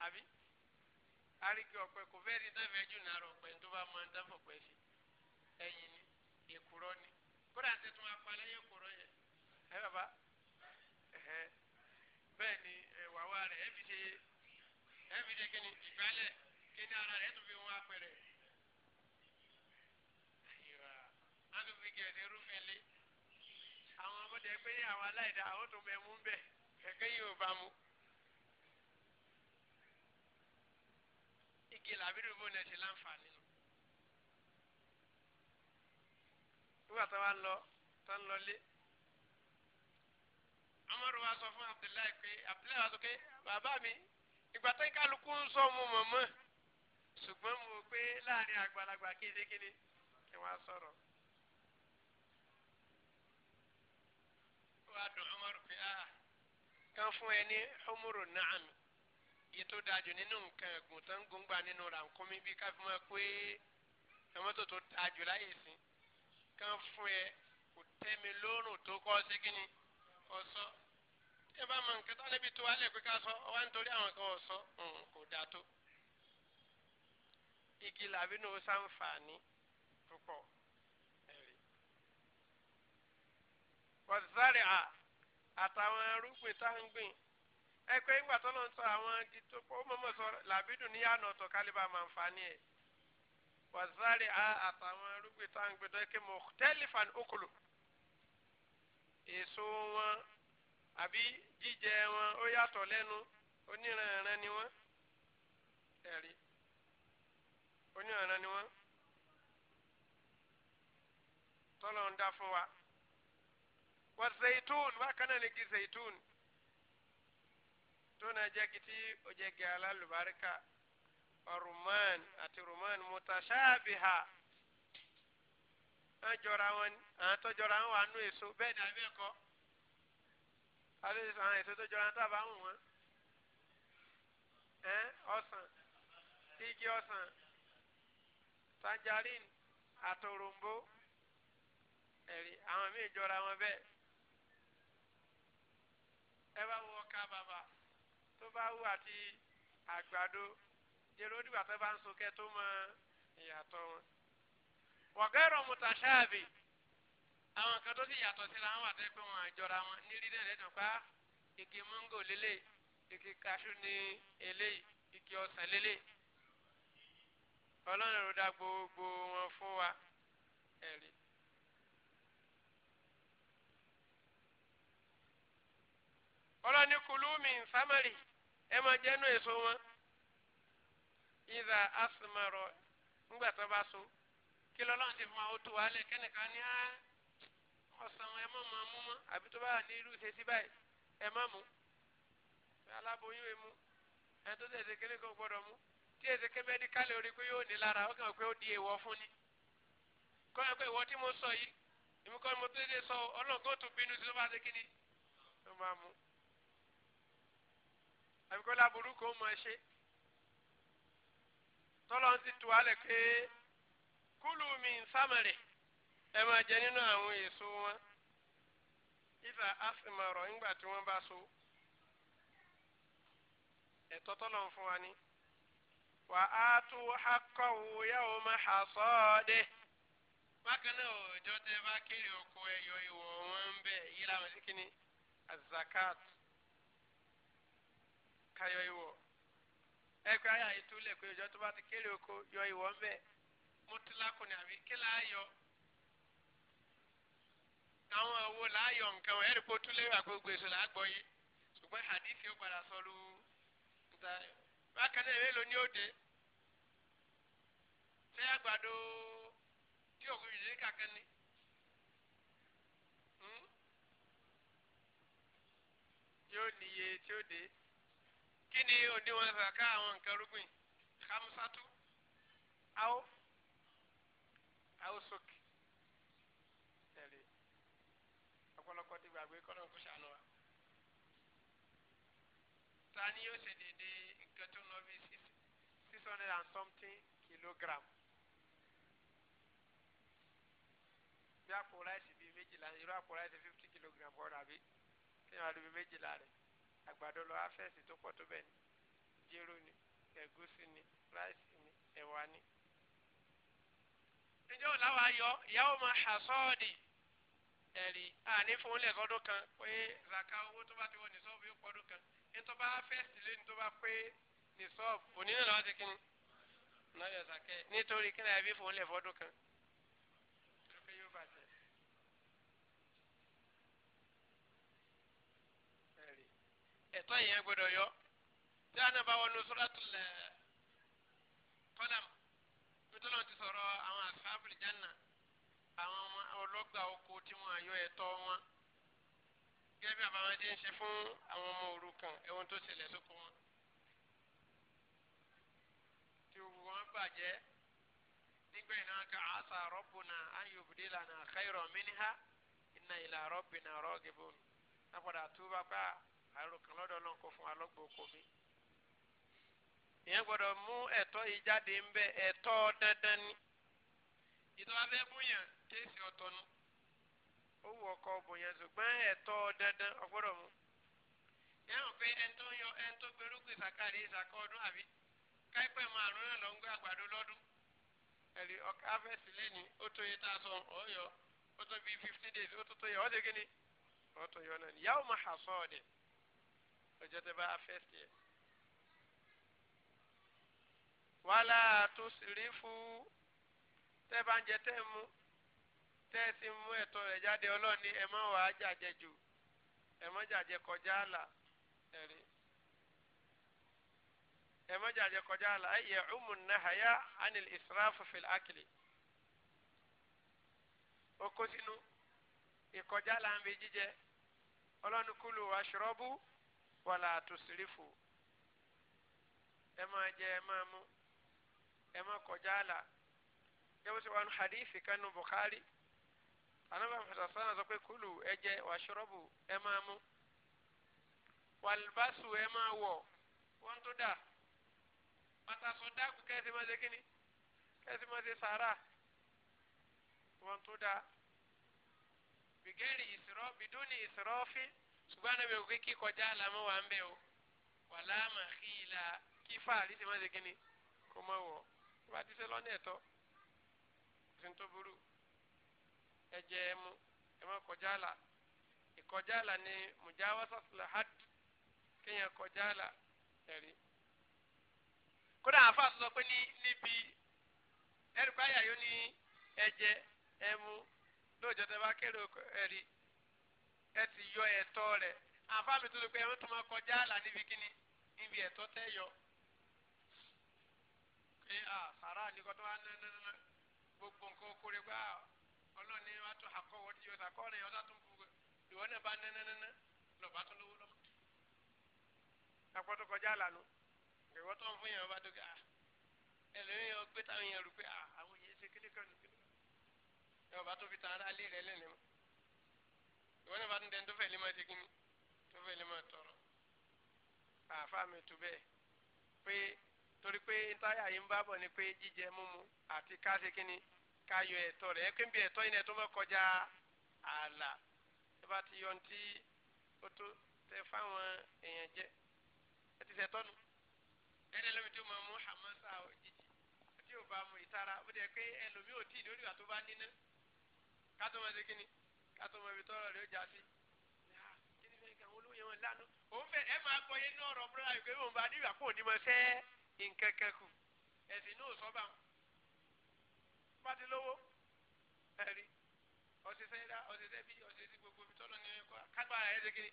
Speaker 1: àbí arígi ọ̀pẹ kò fẹ́ rí dáfẹ́ jù nàrọ̀ ọ̀pẹ tó bá mọ dáfọ̀ sí ẹ̀yìn ni èkùrọ́ ni kódà bẹ́ẹ̀ ni wàwá rẹ̀ ẹ fi ṣe
Speaker 2: ẹ fi ṣe kíni ìgbálẹ̀
Speaker 1: kíni ara rẹ̀ tún fi wọn apẹ̀rẹ̀. agbègbè gẹ̀ẹ́dẹ̀ rúfin lé àwọn ọmọdé pé àwọn aláìda àwọn tó mẹ́mú ń bẹ̀ kẹ̀kẹ́ yìí ò bá mu. igi làbírí bó nẹ̀sí láǹfààní nù. nígbà tó wá lọ tó ń lọ lé. Umaru wa sọ fún Abdullahi pé Abdullahi wa sọ pé bàbá mi ìgbà tó ń kálukú ń sọ mo mọ̀ mọ́ ṣùgbọ́n mo pé láàrin àgbàlagbà kéékèèké kí wọ́n á sọ̀rọ̀. wàá dùn Umaru pé a ah, kan fún ẹ ní Umaru nàámi yìí tó dáa jù nínú nǹkan ẹ̀gùn tó ń gbóngbà nínú rànkúnmí bí ká fi máa pé tòmátò tó dáa jù sí kan fún ẹ kò tẹ́ mi lọ́rùn tó kọ́ sí kínní ọ̀sán ẹ bá mọ nǹkan tó níbi tó wálé pé ká sọ wá nítorí àwọn kan sọ kò dáa tó igi làbí ní o ṣàǹfààní púpọ̀ ẹ̀rí. wọ́sáré à àtàwọn arúgbìn tá à ń gbìn ẹ pé ìgbà tó lọ ń sọ àwọn igi tó pọ̀ ó mọ̀mọ́ sọ làbí dùn níyànà ọ̀tọ̀ kálíbà máa ń fa ní ẹ̀. wọ́sáré à àtàwọn arúgbìn tá ń gbìn tó yẹ kí mo tẹ́lifà ní okòlò èso wọn àbí jíjẹ wọn ó yàtọ̀ lẹ́nu oníranran ni wọ́n ẹ̀rí oníranran ni wọ́n tọ́lọ̀ ń dá fún wa. wà zaitun bákan náà lè gi zaitun tó náà jẹ́ kìtì ó jẹ́ gẹ́ alálùbáríkà ọ̀rùmán àti rùmán mutashabiha wọ́n wọn àwọn wọn wà nú èso bẹ́ẹ̀ ni àbí àlejò àwọn èso tó jọra tá a bá wù wọn ẹ ọsàn igi ọsàn tangerine àtòròǹbó ẹ̀rí àwọn míì jọra wọn bẹ́ẹ̀ ẹ bá wọ ọkà bàbà tó bá wù àti àgbàdo jẹrọ dìgbà tó bá ń so kẹ tó mọ ìyàtọ̀ wọn. wọ̀gẹ́rọ̀ mùtàṣáàbì àwọn kan tó sì yàtọ̀ síra wọn àti pé wọn àjọra wọn ní rí náà lẹ́nu pa igi mango lélẹ̀ igi kaṣu ní eléyìí igi ọsàn lélẹ̀ ọlọ́run ló dá gbogbo wọn fún wa ẹ̀rí. ọlọ́ni kulu min samari ẹ máa jẹ́nu èso wọn ìdá asùnmọ̀rọ̀ ńgbà tó bá so kí lọ́lọ́run ti fún wa ó tu wálé kẹ́nìkan ní á ọsàn ẹ má máa mú mọ́ àbí tó bá wà ní irú ìṣesí báyìí ẹ má mú aláboyún ẹ mú ẹ tó tẹ̀sẹ̀ kéré kan gbọ́dọ̀ mú tí èsì ké mẹ́díkálì orí pé yóò ní lára ó kàn pé ó di èèwọ̀ fún ni kọ́ ẹ pé ìwọ tí mo sọ yìí èmi kọ́ ni mo tẹ́lẹ̀ sọ ọlọ́gán tó bínú sí ló bá ṣe kí ni ló máa mú àbíkọ́ láburú kò mọ̀ ẹ́ ṣe tọ́lọ́ ti tù wálẹ̀ pé kúlù mi ń sámẹ̀rẹ̀.
Speaker 2: ẹ máa jẹ nínú àwọn
Speaker 1: èso wọn ìfà àsìmọ̀rọ̀ ńgbà tí wọ́n bá so ẹ̀tọ́ tọ́lọ̀ ń fún wa ní. wà á tú akọ̀wò yàwó máa hà sọ́ọ́dẹ. bákan náà òòjọ́ tẹ bá kéré oko ẹyọ ìwọ̀ wọn ń bẹ̀ yí làwọn sí kíni azakat kayọ a ya ayé àyètúlẹ̀ pé òòjọ́ tó bá ti kéré oko yọ ìwọ̀ ń bẹ̀ mọ́tílákùnrin àbí
Speaker 2: àwọn owó láàyò nǹkan wọn ẹ̀rí kó
Speaker 1: tún lérò àgbègbè èso làágbọ́ yé ṣùgbọ́n hadith yóò padà sọ lu ntàrí bákan náà mélòó ni ó dé ṣé àgbàdo tí òkú yìí kàkan ni. yóò hmm? níye tí ó dé kí ni òdiwọ̀n zaka àwọn nǹkan rúgbìn hamsatu awo awo sókè. ta ni yóò ṣe déédéé nǹkan tó ń six six hundred and something kilogram bí àpò ráìsì bíi méjìlá irú àpò ráìsì fifty kilogram kọ́ dàbí kéèyàn àdúgbò méjìlá rẹ̀ àgbàdo lọ afẹ́sì tó pọ̀ tó bẹ́ẹ̀ ni jéró ni ẹ̀gúsí ni ráìsì ni ẹ̀wà ni. ǹjẹ́ òun yọ ìyàwó máa hà sọ́ọ̀dì ẹ̀rí àní fún ilé ẹ̀kọ́ ọdún kan pé zaka owó tó bá ti wọ nìsọ́ọ̀bù yóò pọ̀ ọdún kan nítorí bá fẹ́ẹ̀sì lé ní tó bá pé nìsọ́ọ̀bù òní náà lọ́wọ́ ti kí ni náà yọ zaka ẹ̀ nítorí kí náà ẹbí fún ilé ẹ̀kọ́ ọdún kan. ẹ̀tọ́ yẹn gbọ́dọ̀ yọ tí a náà bá wọnú suratul Qalam nítorí wọn ti sọ̀rọ̀ àwọn ashabul janna. àwọn ọlọ́gbà oko tí wọ́n ayọ́ ẹ̀tọ́ wọn gẹ́gẹ́ bí àbáwọn ti ń ṣe fún àwọn ọmọ òrukàn ẹ̀wọ̀n tó ṣẹlẹ̀ sóko wọn tí òwú wọn bàjẹ́ nígbà yìí ká àṣà rabbuna an yubdilana khayran minha inna lápàdà bá àròkàn lọ́dọ̀ náà kó fún alọ́gbà mi ìyẹn mú yìí jáde ń bẹ dandan ni ìtọ́ abẹ́ téèsì ọ̀tọ̀ nu ó wù ọkọ obìnrin ṣùgbọ́n ẹ̀tọ́ dandan ọgbọ́dọ̀ mu yẹ́n pé ẹni tó yọ àbí káìpẹ́ mọ àrùn náà lọ àgbàdo lọ́dún ẹ̀rí ọkọ afẹ́sì lẹ́ni ó yẹ tá sọ bíi fifty days ó tó yẹ yọ yàwó sọ tẹ bá yẹ. wàhálà tó sì rí fún bá ń jẹ mú. tẹ́sí mú ẹ̀tọ́ rẹ̀ jáde ọlọ́ni ẹ má wàá jàjẹ jù ẹ má jàjẹ kọjá àlà ẹ̀rí ẹ má jàjẹ kọjá àlà ẹ yẹ ọmọ nàhàyà anil israfu fil akili oko sínú ìkọjá là ń bi jíjẹ ọlọ́ni kulu washrabu wala tusrifu ẹ máa jẹ ẹ máa mú ẹ má kọjá àlà yẹ wọ́n sọ wọn hadithi kanu Bukhari anábà fẹsẹ̀ sọ́nà sọ pé kúlù ẹ̀jẹ̀ wàṣọ́rọ́bù ẹ̀ máa mú wàlùbáṣù ẹ̀ máa wọ̀ wọ́n tó dà pàtàkì dákú kẹ́sì máa ṣe kíni kẹ́sì máa ṣe sàárà wọ́n tó dà bìgẹ́rì ìṣòro bìdúnì ìṣòro fi ṣùgbọ́n anábà òkè kí kọjá làmọ́ wà ń bẹ̀ o wàlámà kìlà kí fáàrí ti máa ṣe kíni kó máa wọ̀ wọ́n ti ṣe lọ́nà ẹ̀tọ́ òsì tó burú ẹ jẹ ẹ mu ẹ má kọjá àlà ìkọjá àlà ni mùjáwásásílẹ̀ had kéèyàn kọjá àlà ẹ̀rí. kódà àfa sọ pé ní níbi ẹrù báyà yóò ní ẹ jẹ ẹ mu lóòjọ́ tẹ bá kéré ẹ̀rí ẹ ti yọ ẹ̀tọ́ rẹ̀ àfa mi tó lè pé ẹ tó máa kọjá àlà níbi kíni níbi ẹ̀tọ́ tẹ́ yọ. pé a sàrà ni kọ́tọ́ wa nánánán gbogbo nǹkan kórè gbáà akọ wọ́n ti yọ ọ̀sà kọ́ ọ̀rẹ́ ọ̀sà tó ń bu ìwọ náà bá nẹ́nẹ́nẹ́nẹ́ lọ́ba tó lówó lọ́wọ́. akọ́tọ̀ kọjá àlànà ìwọ tó ń fún yẹn ọba tó kẹ́
Speaker 2: ẹlẹ́rìí yẹn gbé táwọn yẹn rú pé
Speaker 1: àwọn yẹn ṣe kílé kan nìkan ọba tó fi tan ara lé rẹ lẹ́nu ìwọ náà bá tún dẹni tó fẹ́ lé máa ṣe kíni tó fẹ́ lé máa tọrọ àáfàá mi tó bẹ́ẹ̀ pé torí pé ntáyà yìí ń bá bọ̀ ni pé jíjẹ múmu àti ká ṣe kíni ká yọ ẹ̀tọ́ rẹ̀ ẹ̀kẹ́ ń bí ẹ̀tọ́ yìí náà tó mọ̀ kọjá ààlà tó bá ti yọ ntí ó tó tẹ fáwọn èèyàn jẹ ẹ ti sẹ̀tọ́ nu ẹ̀rẹ́ lómi tó mọ̀ mú hamasa òjijì tí ò bá mu ìtara ó dẹ̀ pé ẹlòmí ò tí ì lórí wa tó bá níná kátó mọ̀ ṣe kíni kátó mọ̀ ibi tọ́rọ̀ rẹ̀ ó já sí kíni fẹ́ kí àwọn olóyè wọn lánàá òun fẹ́ ẹ máa gbọ́ yé náà rọ̀ búrọ́dà yìí bá níwà kó ní mọ̀ sẹ́ nǹkan kù ẹ̀sìn náà sọ́ wọn bá ti lówó ẹ̀rí ọ̀sẹ̀ sẹ́yìndá ọ̀sẹ̀ sẹ́bí ọ̀sẹ̀ sí gbogbo ibi tọ́lọ́ ní ẹ̀kọ́ kágbára ẹ̀ ṣégin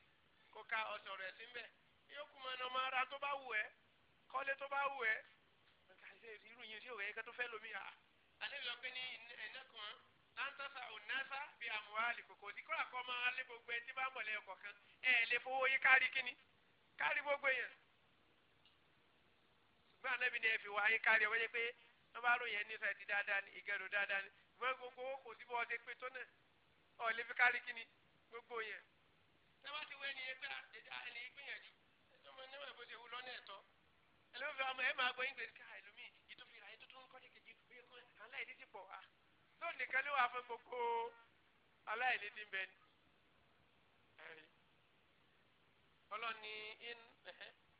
Speaker 1: kó ka ọ̀sẹ̀ ọ̀rọ̀ ẹ̀sìn bẹ̀ yóò kú mọ́ ẹnu ọmọ ara tó bá wù ẹ́ kọ́lé tó bá wù ẹ́ irú yìí tí òwe ẹ̀ka tó fẹ́ lomi à. àlejò lọ pé ní ẹ̀nẹ́kùn láńtàṣà ònàṣà bí àmúhálì kòkò sí kó àkọ́ máa lé gbogbo ẹni tí bá ń bọ̀ lẹ́yìn kọ̀ọ̀kan ẹ̀ lè fowó yí kárí kíni kárí gbogbo yẹn. ṣùgbọ́n àlẹ́bí ni ẹ fi wá yí tó bá ròyìn ẹni dáadáa ni ìgẹ̀rù dáadáa ni wọ́n gbogbo owó kò sí bọ́ ọdẹ pé tó náà ọ̀ lè fi kárí kíni gbogbo yẹn. sábà ti wọ ẹni yẹn pé ẹni yẹn gbìyànjú ẹjọ́ mọ níwọ̀n bó ṣe wù lọ́nà ẹ̀tọ́ ẹlẹ́wọ̀n ọmọ ẹ máa gbọ́ english ká ẹlòmíì ìtòfìlà ètò tó ń kejì ah, gbogbo aláìní ni. ọlọ́ni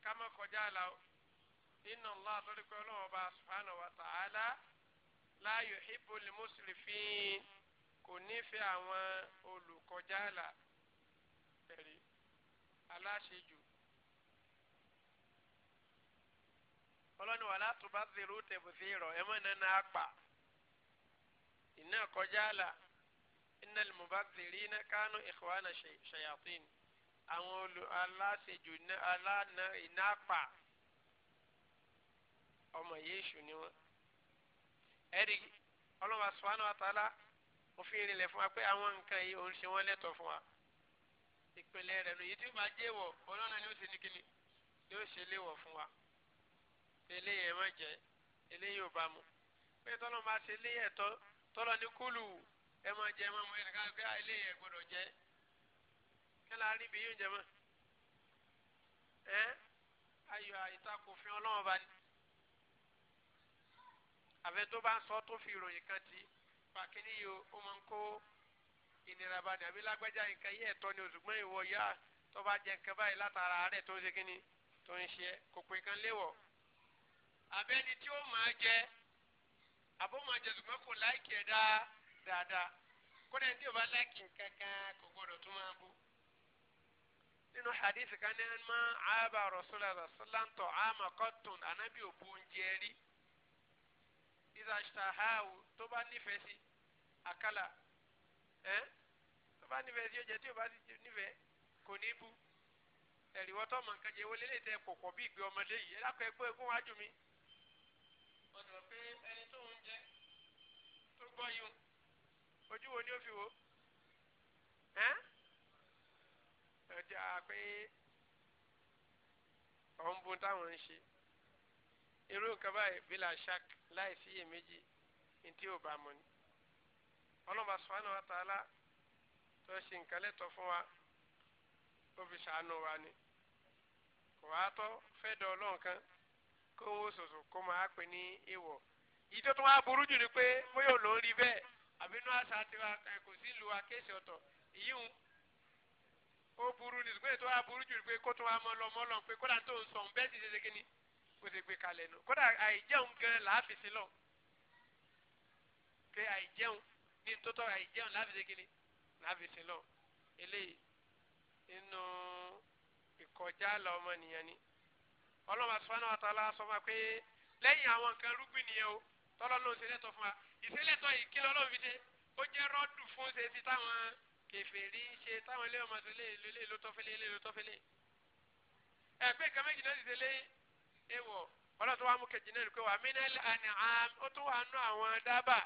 Speaker 1: ká má inna Allah àtọ́rí pé ọlọ́run ọba subhanahu wa ta'ala la yuhibbul musrifin kò nífẹ̀ẹ́ àwọn olùkọjáàlà ẹ̀rí aláṣejù. ọlọ́ni wàhálà tó bá zèrò tẹ̀bùsí rọ̀ ẹ mọ̀ nínú apà iná kọjáàlà iná lùmùbáṣirí iná kánú ikhwana shayatin àwọn olù aláṣejù iná apà ọmọ yéṣu ni wọn ẹrí ọlọ́wà subhanahu wa ta'ala òfin ìrìnlẹ̀ fún wa pé àwọn nǹkan yìí òun ṣe wọ́n lẹ́tọ̀ọ́ fún wa ìpìlẹ̀ rẹ̀ nù yìí tí ó máa jẹ́ wọ̀ ọlọ́run ni ó ṣe ní kíni ni ó ṣe léwọ̀ fún wa eléyìí ẹ̀ má jẹ́ eléyìí ò bá mu pé tọ́lọ́ máa ṣe eléyìí ẹ̀tọ́ tọ́lọ́ ní kúlù ẹ̀ má jẹ́ ẹ̀ ẹ̀ nìkan pé ah, eléyìí ẹ̀ gbọ́dọ̀ jẹ́ kí la rí ibi yóò jẹ mọ́ ẹ́ ayọ̀ àìtakò fún ọlọ́run bá ní àbẹ tó bá ń sọ tó fi ìròyìn kan ti pàkínní yìí ó máa ń kó ìnira bá àbí lágbájá nǹkan yìí ẹ̀tọ́ ni òṣùgbọ́n ìwọ yá tó bá jẹ nǹkan báyìí látara rẹ̀ tó ṣe kínní tó ń ṣe kò pé kan léwọ̀ àbẹ́ni tí ó máa jẹ àbó máa jẹ ṣùgbọ́n kò láìkì ẹ̀ dáadáa kódà tí o bá láìkì nǹkan kan kò gbọdọ̀ tó máa bú nínú hadith kan ní ẹni máa àbá rọ̀ṣọ́lá rọ̀ṣọ́lá ń tọ̀ àmà kọ́tùn ànábì òbú oúnjẹ rí ìzàṣtàháwù tó bá nífẹ̀ẹ́ sí akala, ẹ́ tó bá nífẹ̀ẹ́ sí oúnjẹ tí o bá nífẹ̀ẹ́ kò ní bú ẹ̀rí wọ́tọ́ mọ̀ nǹkan jẹ́ wọlé lè tẹ pọ̀pọ̀ bí ìgbé ọmọdé yìí ẹ̀dákọ̀ ẹgbẹ́ egún wájú mi. wọ́n sọ pé ẹni tó ń jẹ tó gbọ́ yìí ojú wo ni ó fi wò ẹ́ ẹ̀ ti à bu táwọn ń ṣe irú kaba yìí bí làṣak láì sí iyèméjì ní tí ò bá mu ni ọlọ́mọba subhanahu wa ta'ala tó ṣe nǹkan lẹ́tọ̀ fún wa ó fi ṣàánú wa ni kò wá tọ́ fẹ́ dọ̀ ọlọ́run kan kó ń wo sòsò kó máa pè ní ìwọ̀ ìjọ tó wá burú jù ni pé bóyá ló ń bẹ́ẹ̀ àbínú àṣà tiwa kò sí lu akéṣe ọ̀tọ̀ ìyíhun ó burú ni ṣùgbọ́n ètò wá burú jù ni pé kó tó wá mọ́ lọ mọ́ pé kódà tó ń sọ̀ ń bẹ́ẹ̀ sì ṣe ṣe kí ni bó ṣe gbé kalẹ̀ nù kódà àìjẹun gan láàfin sí lọ pé àìjẹun ní tótó àìjẹun láàfin sí kíni láàfin sí lọ eléyìí nínú ìkọjá lọ ọmọnìyàn ni ọlọ́mọ asọ́nà àtàlà sọ ma pé lẹ́yìn àwọn nǹkan rúgbìn nìyẹn o tọ́lọ́ ló ń ṣe fún wa ìṣẹ́lẹ̀tọ̀ yìí kí lọ́lọ́ fi ṣe ó jẹ́ rọ́ọ̀dù fún ṣe ti táwọn kèfèrí ṣe táwọn ilé ọmọ tó lé lé lótọ́fẹ́lé lé lótọ́fẹ́lé ẹ̀ pé méjì náà ti ṣe lé ewọ ọlọ́tún wa mú kejì náà pé wà mínẹ́lì àníhàm ó tún wà nú àwọn dábà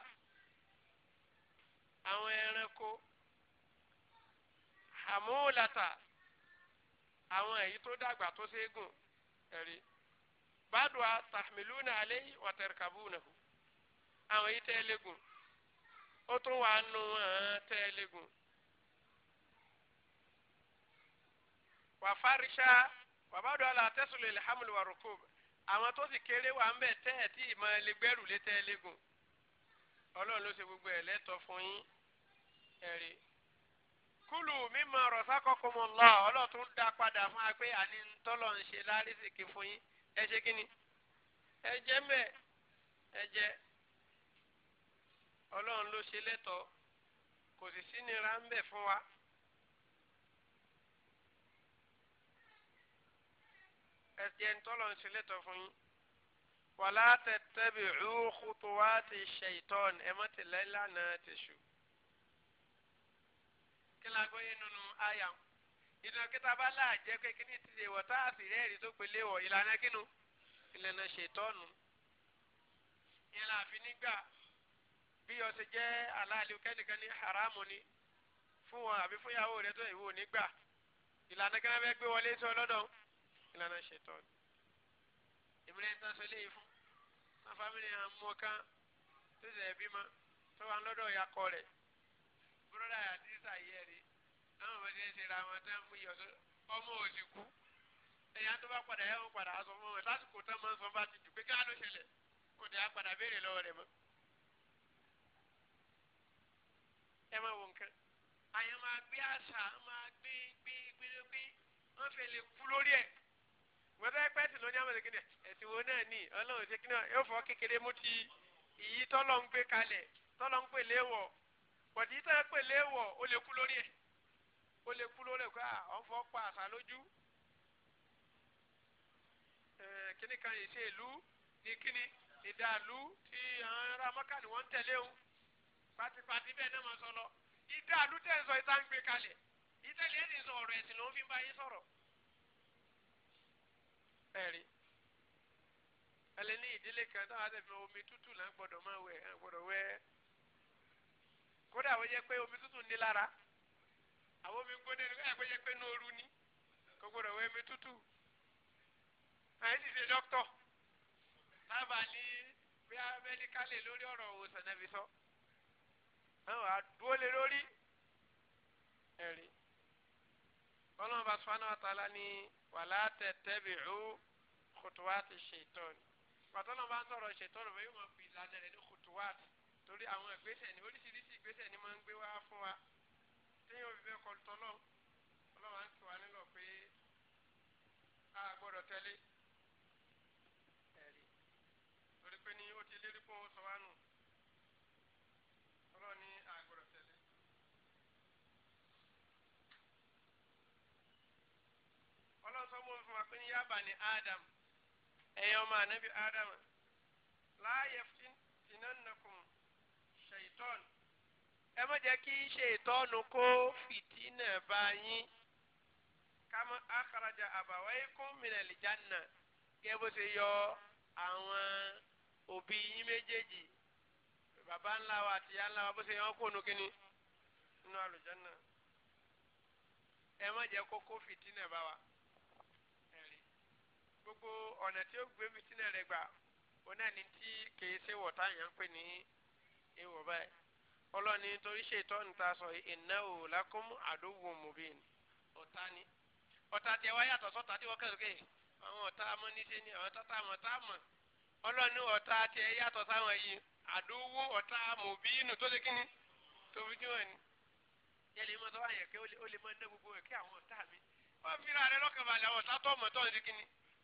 Speaker 1: àwọn ẹranko àmúlàtà àwọn èyí tó dàgbà tó ṣeégùn ẹ̀rí bàdùà tàmílùnà àléyìí wàtẹ̀rẹ̀kàbùnàhù àwọn èyí tẹ́lẹ̀gùn ó tún wà nú àwọn tẹ́lẹ̀gùn. wàfáríṣà wàbàdùà làtẹ́sùlẹ̀ lẹ́hàmùlù wàrúkúbù àwọn tó sì kéré wà ń bẹ tẹ́ ẹ̀ tí ìmọ̀ ẹlẹgbẹ́rù lé tẹ́ ẹlẹ́gùn ọlọ́run ló ṣe gbogbo ẹ̀ lẹ́tọ̀ fún yín ẹ̀rí kúlù mímọ razaqakumullah ọlọ́tún dá padà fún wa pé àní tọ́lọ̀ ń ṣe lárísìkí fún yín ẹ ṣe kí ni ẹ jẹ́ mẹ́ ẹ jẹ́ ọlọ́run ló ṣe lẹ́tọ̀ kò sì sínira ń bẹ fún wa. ẹ̀jẹ̀ ń tọ́lọ̀ ń ṣẹlẹ̀ tọ́ fún yín wàlá tẹ̀tẹ̀bì ọ̀hútù wá ti ṣe ìtọ́ni ẹ̀ mọ́ tẹ̀lé lánàá ti ṣù. kí la gbọ́ yín nínú àyà ìdùnnú kí tábà láàjẹ́ pé kíní ti lè wọ̀ tá a sì rẹ́ẹ̀rí tó pélé wọ̀ ìlànà kínú ìlànà ṣètọ́nu. ìyẹn la fi nígbà bí ọtí jẹ́ aláàlú kẹ́nìkan ní haramu ni fún wọn àbí fún ìyàwó rẹ tó ìwò nígbà ìlànà kí wọ́n fẹ́ gbé wọlé sí ọlọ́dọ̀ọ́ ìlànà ṣètọ́ ni ìmúlẹ̀ tán sọ léyìí fún wọn fámìlì hàn mú ọkàn tó ṣe ẹbí ma tó wà lọ́dọ̀ ìyá kọ rẹ̀ búrọ́dà àti sàyẹ̀ rí àwọn ọmọdé ń ṣe ra wọn tán fún iyọ̀ tó ọmọ òsì kú ẹ̀yà tó bá padà yẹ̀ wọ́n padà á sọ fún wọn lásìkò tán máa ń sọ bá ti dùn pé ká ló ṣẹlẹ̀ kò dé á padà béèrè lọ́wọ́ rẹ̀ wọ́n tẹ́ pẹ́ sí lóní àmọ̀lẹ́ kíni ẹ̀sìn wo náà nì ọlọ́run ṣe kíni yóò fọ́ kékeré mú ti ìyí tọ́lọ́ ń gbé kalẹ̀ tọ́lọ́ ń pè léwọ̀ pọ̀tí tọ́lọ́ ń pè léwọ̀ ó lè kú lórí ẹ̀ ó lè kú lórí ẹ̀ kó à ọ̀ ń fọ́ pa àṣà lójú kíní kan yìí ṣe ìlú ní kíní ìdàlú tí àwọn ará mọ́kà ni wọ́n ń tẹ̀lé o pátipáti bẹ́ẹ̀ náà máa sọ lọ ìdàlú tẹ̀ ń sọ ìtàǹgbé kalẹ̀ ìtẹ̀lé ẹ̀ ẹ̀rí ẹlẹ́ ní ìdílé kan táwọn àti ẹ̀fọn omi tútù là ń gbọ́dọ̀ máa wẹ̀ ẹ̀ gbọ́dọ̀ wẹ̀ kódà wọ́n jẹ́ pé omi tútù ní lára àwọn omi gbóná ẹ̀ wọ́n jẹ́ pé ní ooru ni kò gbọ́dọ̀ wẹ̀ omi tútù
Speaker 2: àyè ti ṣe dọ́kítọ̀
Speaker 1: lábàá ní bí amẹ́ríkálẹ̀ lórí ọ̀rọ̀ òwòsàn sọ àwọn àdúró lé lórí ẹ̀rí ọlọ́run bá sọ fún anáwó ní wàlá tẹ̀tẹ̀bìrú kùtùwàtì ṣètọ́ni pàtọ́nà bá ń sọ̀rọ̀ ṣètọ́nù bẹ́ẹ̀ yóò máa fi ìlànà rẹ̀ ní kùtùwàtì torí àwọn ìgbésẹ̀ ní oríṣiríṣi ìgbésẹ̀ ni máa ń gbé wá fún wa téèyàn fi bẹ́ẹ̀ kọ́ tọ́lọ́ ọlọ́wà ń kí wa nílọ pé a gbọ́dọ̀ tẹ́lé ẹ̀rí torí pé ní ó ti lérí pé ó sọ wá nù ya bani adam ẹ̀yin eh, ọmọ anabi adam láàyè finannakum shaitan ẹ má jẹ́ kí ṣètọ́nù kó fìtínà bá yín kama akhraja abawaykum minal janna
Speaker 2: gẹ́gẹ́ bó ṣe yọ
Speaker 1: àwọn òbí yín méjèèjì bàbá ńlá wa àti ìyá ńlá wa bó ṣe yọ kó nu kíni nínú àlùjánnà ẹ má jẹ́ kó kó fìtínà bá wa gbogbo ọ̀nà tí ó gbé fitinẹ rẹ gbà òun náà ní tí kìí ṣe wọ̀tá yẹn ń pè ní ìwọ̀ báyìí ọlọ́ni torí ṣètọ́nù ta sọ innahu lakum aduwwun mubin ọ̀tá ni ọ̀tá tiẹ̀ wá yàtọ̀ sọ́tà tí wọ́n kẹ́sìkè àwọn ọ̀tá mọ́ níṣẹ́ ni àwọn tọ́tà mọ̀ tá mọ̀ ọlọ́ni ọ̀tá tiẹ̀ yàtọ̀ sáwọn yìí aduwwun ọ̀tá mubin tó ṣe kíni tó fi jú wọn ni yẹ́lẹ̀ mọ́tò wáyẹ̀ kí ó lè mọ́ ní gbogbo ẹ̀ kí àwọn ọ̀tá mi wọ́n fi ra rẹ lọ́kàn balẹ̀ àwọn ọ̀tá tó mọ̀ tó ń ṣe kíni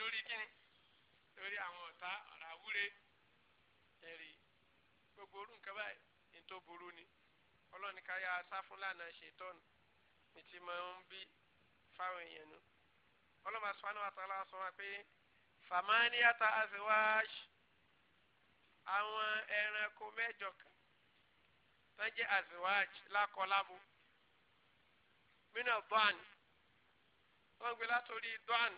Speaker 1: lórí kíni lórí àwọn ọ̀tá ọ̀rọ̀ àwúre ẹ̀rí gbogbo orú nǹkan báyìí ní tó burú ni ọlọ́ni ká yára sá fún lánàá ṣètọ́nù ní ti máa ń bí fáwọn èèyàn nu ọlọ́mà sọ́nà àtàlà sọ wa pé fàmáníyàtà àṣewáṣ àwọn ẹranko mẹ́jọ kan tó ń jẹ́ àṣewáṣ lákọlábo mínà dọ́àn wọ́n gbé látòrí dọ́àn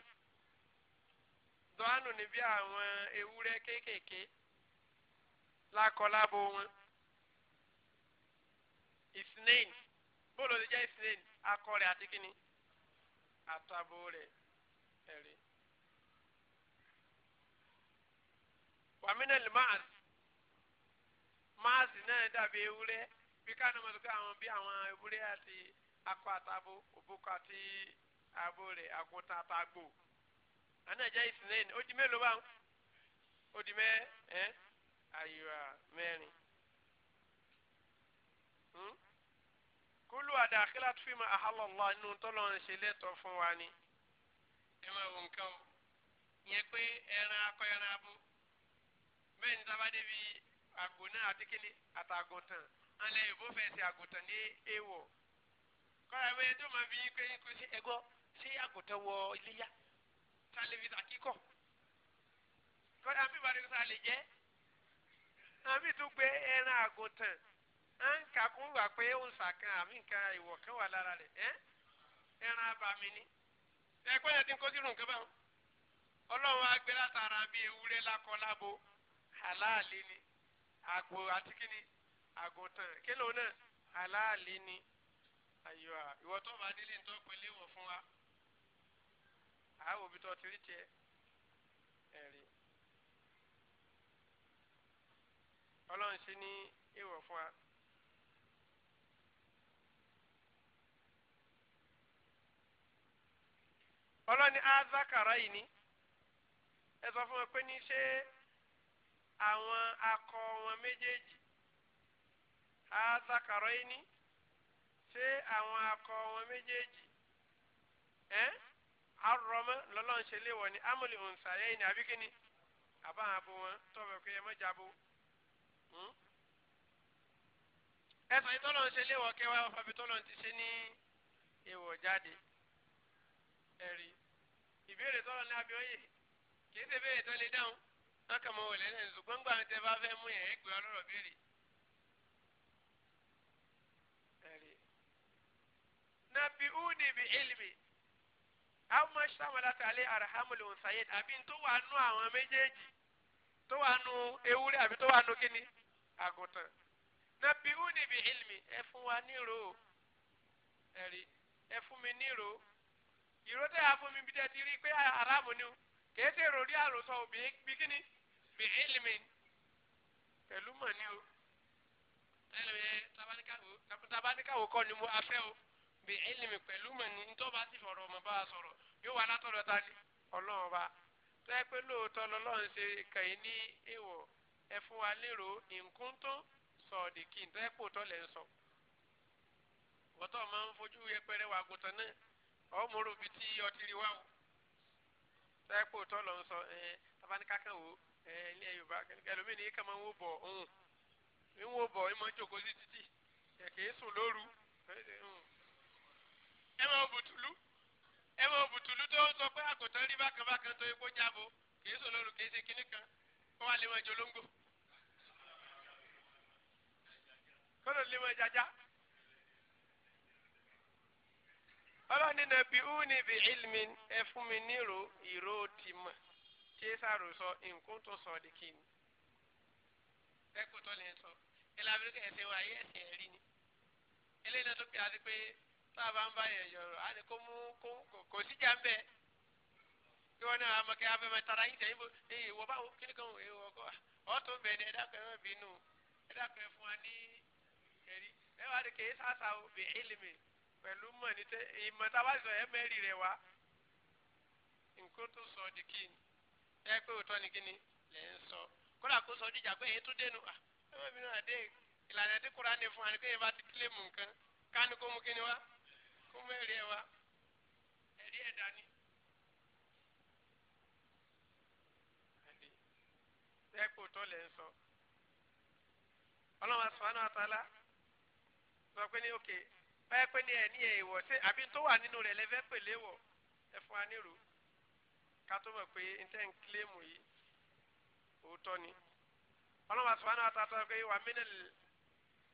Speaker 1: dọ́hánù ní bí àwọn ewúrẹ́ kéékèèké lákọlábo wọn ìsinéyìn bóòlù ló jẹ́ ìsinéyìn akọ rẹ̀ àti kínní àtàbò rẹ̀ ẹ̀rí. wàmínà lè máa máàsì náà dàbí ewúrẹ́ bí káàdùn mọ̀ sókè àwọn bí àwọn ewúrẹ́ àti akọ àtàbò òbúkọ àti àbò rẹ̀ àgùntàn àtàgbò anájà ìsìnlẹ́yìn ó di mélòó bá ń ó di mẹ́ ẹ́ àyùrà mẹ́rin. Hmm? kúlù àdàkílà tó fi mọ àhálọ̀ ńlá inú tọ́lọ́ ń ṣe lẹ́tọ̀ fún wa ni. ẹ máa wọ nǹkan o ìyẹn pé ẹran akọ ẹran abo bẹ́ẹ̀ ní sábà débi àgbò náà àti kíni àtàgùntàn alẹ́ ìbò fẹ̀sẹ̀ àgùntàn ní èèwọ̀ kọ́ra bẹ́ẹ̀ tó máa fi yín pé yín kú sí ẹgbọ́ sí àgùntàn wọ iléyà tá a lè fi sàkíkọ̀ kọ́dà mí ìbàdàn tá a lè jẹ́ àmì tó gbé ẹran àgùntàn à ń kà kún wà pé ó ń sàkàn àmì nǹkan ìwọ̀ kan wà lára rẹ̀ ẹ́ ẹran abàmì ni ẹgbẹ́ yẹn ti ń kó sínú nǹkan báwọn ọlọ́run á gbé látara bíi ewúrẹ́ lákọ lábo aláàlí ni àgbò àti kíni àgùntàn kílò náà aláàlí ni àyọ̀ ìwọ́tọ̀ bá délé ń tọ́ pẹ̀lú fún wa àáwò bí tó ti rí tiẹ̀ ẹ̀rí. ọlọ́run ṣe ní èèwọ̀ fún wa. ọlọ́run ní azakara yìí ni ẹ sọ fún wọn pé ní ṣé àwọn akọ wọn méjèèjì azakara yìí ni ṣé àwọn akọ wọn méjèèjì ẹ́. Eh? arọmọ lọlọrun ṣe léwọ ni amúlẹ ònsà yẹn ni àbí kíni àbáwọn abo wọn tọwọ pé ẹ mọjà bo hmm? ẹ sọ yìí tọlọrun ṣe léwọ kẹwàá ọfà bí tọlọrun ti ṣe ní èèwọ̀ jáde ẹrí ìbéèrè tọlọrun ní abíọ́yè kì í ṣe béèrè tó lè dáhùn wọn kà mọ wọlé náà ní ṣùgbọ́n bá fẹ́ mú yẹn ẹ ọlọ́rọ̀ béèrè. nàbí údìbí ilmi àwọn máa ṣàmàlàtà alẹ́ arahamul unsayed àbí tó wà nù àwọn méjèèjì tó wà nù ewúrẹ́ àbí tó wà nù kíni àgùntàn nàbí uni bi ilmi ẹ fún wa nírò ẹ̀rí ẹ fún mi nírò ìró tẹ́ a fún mi bí dẹ́ti rí pé aráàmù ni o kèé tẹ́ rò rí àròsọ òbí bí kíni bi ilmi pẹ̀lú mọ̀ ni o ẹ lè tabaníkàwò tabaníkàwò kọ́ ni mo afẹ́ o. bí ẹlẹ́mi pẹ̀lú mẹ́ni ntọ́ba ti fọ̀rọ̀ ọmọ bá a yóò wà látọ̀dọ̀ ta ni ọlọ́run bá tẹ́ pé lóòótọ́ lọ́lọ́run ṣe kàyé ní èèwọ̀ ẹ fún wa lérò nǹkan tó sọ̀ọ́dì kí n tẹ́ pò ń sọ. wọ́tọ̀ máa ń fojú yẹpẹrẹ wà àgùntàn náà ọmọọrọ bíi tí ọtí rí wá o tẹ́ pò tọ́ lọ́ ń sọ ẹ abanikakẹ́ wo ẹ ilé Yorùbá ẹlòmíì kàmá ń wò ń wò ẹ ẹ máa bùtùlù ẹ máa bùtùlù tó ń sọ pé àgùntàn rí bákan bákan tó epo jábọ kì í sọ lóru kì í ṣe kinní kan kó wà lè máa jẹ olóńgbò kó lè máa jaja. ọlọ́ni nàbí ùní bí ilmi ẹ fún mi nírò ìró ti mọ̀ tí ẹ sàrò sọ nǹkan tó sọ di kí ẹ kò tọ́ lè sọ ẹ lábẹ́rẹ́ ẹ̀sìn wa ayé ẹ̀sìn ẹ̀rí ni
Speaker 2: eléyìí náà tó pè á sí pé
Speaker 1: tá a bá ń bá yẹn yọrọ á ní kó mú kó kò sí jà ń bẹ kí wọn náà amọ̀kẹ́ afẹ́fẹ́ tara yín sẹ́yìn bó ẹ̀yẹ wọ́n bá wọ kí ni kan wọ́n wọ́n kọ́ ọ̀tún bẹ̀ ni ẹ̀dá kan bẹ̀ nù ẹ̀dá kan fún wa ní ẹ̀rí ẹ̀wá ni kì í sàṣà òbí ìlìmì pẹ̀lú mọ̀ ní tẹ ìmọ̀ tá sọ ẹ̀ mẹ́rì rẹ̀ wá tó sọ di kí ni ẹ pé òótọ́ ni kí ni lẹ́ ń sọ kódà kó sọ jíjà pé èyí tó dénú à ẹ̀wọ̀n mi ìlànà tí kúránì fún wa ni pé ìbá ti kílè mú nǹkan ká kó mẹ́rin ẹ̀ wá ẹ̀rí ẹ̀ dání. sẹ́kù tó lè sọ ọlọ́run asọ́nà àtàlà sọ pé ní òkè báyà pé ní ẹ̀ ní ẹ̀ ìwọ̀ sí àbí tó wà nínú rẹ̀ lẹ́fẹ́ pèlè wọ̀ ẹ fún wa nírú ká tó mọ̀ pé n tẹ́ ń kílèmù yìí òótọ́ ni ọlọ́run asọ́nà àtàlà sọ pé wàmínẹ̀lì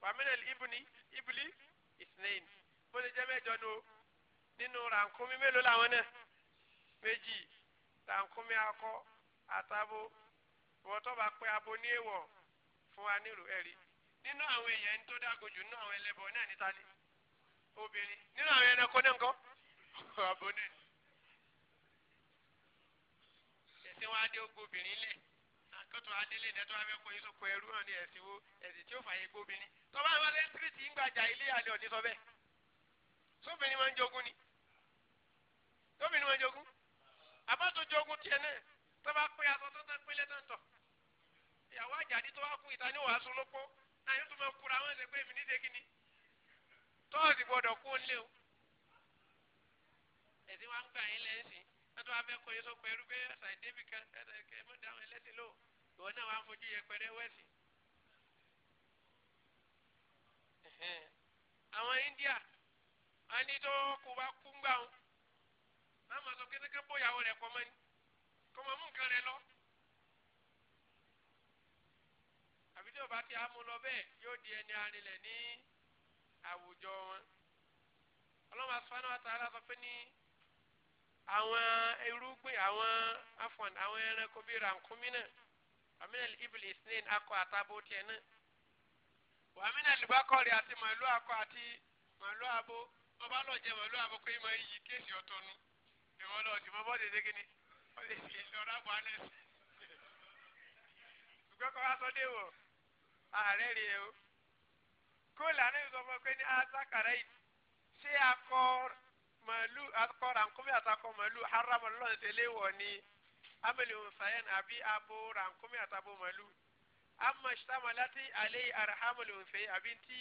Speaker 1: wàmínẹ̀lì ibùní ìsìnẹ́yìn ó lè jẹ́ mẹ́jọ nu nínú rànkúnmí mélòó làwọn náà méjì rànkúnmí akọ àtàbò wọ́n tó bá pé abo ní èèwọ̀ fún wa nílùú ẹ̀rí nínú àwọn èèyàn tó dágò jù nínú àwọn ẹlẹ́bọ náà níta ni obìnrin nínú àwọn ẹranko náà nǹkan abo náà ni ẹ̀sìn wa dé ogun obìnrin lẹ̀ àkọ́tù adélé ìdẹ́tọ́ abẹ́kọ̀ yìí ló kọ ẹrú hàn ní ẹ̀sìn wo ẹ̀sìn tí ó fàyè gbóbìnrin tọ́ba àwọn ẹlẹ́tíríìtì ń gbàjà ilé àlẹ́ òní bẹ́ẹ̀ sóbìnrin máa ń jogún ni sóbìnrin máa ń jogún àbátò jogún tiẹ̀ náà tó bá pé aṣọ tó tán pélé tán tọ̀ ìyàwó àjàdí tó wá kú ìta ní wàásù lóko náà yóò tún máa kura wọn ṣe pé èmi níṣe kí ni tọ́ọ̀sì gbọ́dọ̀ kú ó lé o ẹ̀sìn wa ń gbà yín lẹ́sìn
Speaker 2: wọ́n tún wá fẹ́ kó yín sọ pẹ̀lú pé ẹ̀sà ìdébì kan
Speaker 1: ẹ̀sà ìkẹ́ dáhùn ẹlẹ́sìn lò ìwọ náà wà ń fojú yẹpẹrẹ wẹ́sìn. àwọn India a ní tó kó bá kú ń gbà wọn a máa sọ kékeré bóyáwó rẹ kọ́ mọ́ni kọ́ mọ́ mú nǹkan rẹ lọ. àbí tí o bá ti amú lọ bẹ́ẹ̀ yóò di ẹni arinlẹ̀ ní àwùjọ wọn. ọlọ́run asọ́nà wa ta'ala sọ pé ní àwọn irúgbìn àwọn afọ̀n àwọn ẹranko bíi rànkúmí náà àmínà ibìlì isnin akọ àtàbó tiẹ̀ náà wàmínà lùbákọ́rì àti màlúù akọ àti màlúù abo ọba lọ jẹ màlúù àbọkọ yìí máa yí kéèsì ọ̀tọ̀ nu ìwọ lọ sí mọbọ dédé kíni wọn lè fi lọ rábọ alẹ sí ṣùgbọ́n kọ́ wa sọ dé wọ̀ ààrẹ rè é o kó lànà ìsọfún pé ní asakara yìí ṣé akọ màlúù akọ rànkúmí àtakọ màlúù haramu lọ́nà tẹ́lẹ̀ wọ̀ ni amẹ́lẹ̀ òǹsàyẹn àbí abo rànkúmí àtabo màlúù amọ̀ ṣítàmọ́lá tí alẹ́ àràhámẹ́lẹ̀ òǹsẹ̀yìn àbí ti.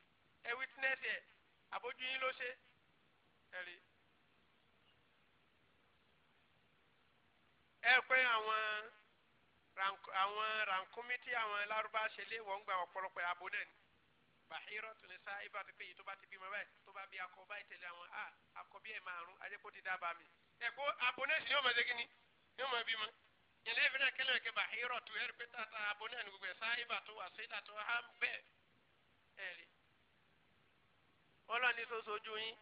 Speaker 1: ẹ wítínẹ́sì ẹ àbójú yín ló ṣe ẹ rí ẹ rank àwọn àwọn rànkúmí tí àwọn lárúbá ṣe lé wọ́n gba ọ̀pọ̀lọpọ̀ abo náà ni bàhírọ̀ tún ní sá ibà tó péye tó bá ti bímọ báyìí tó bá bí akọ báyìí tẹ̀lé àwọn a akọ bí ẹ̀ márùn ajẹ́ kó ti dábàá mi ẹ kó ni yóò máa ṣe kí ni yóò máa bímọ yẹlẹ ìfẹ́ náà kẹlẹ́ kẹ bàhírọ̀ tún ẹ̀rí pé tata abo ni gbogbo ẹ̀ sá ibà tó wà sí ìdàtọ̀ ha bẹ́ẹ̀ ẹ̀rí ọlọ́ni tó sojú yín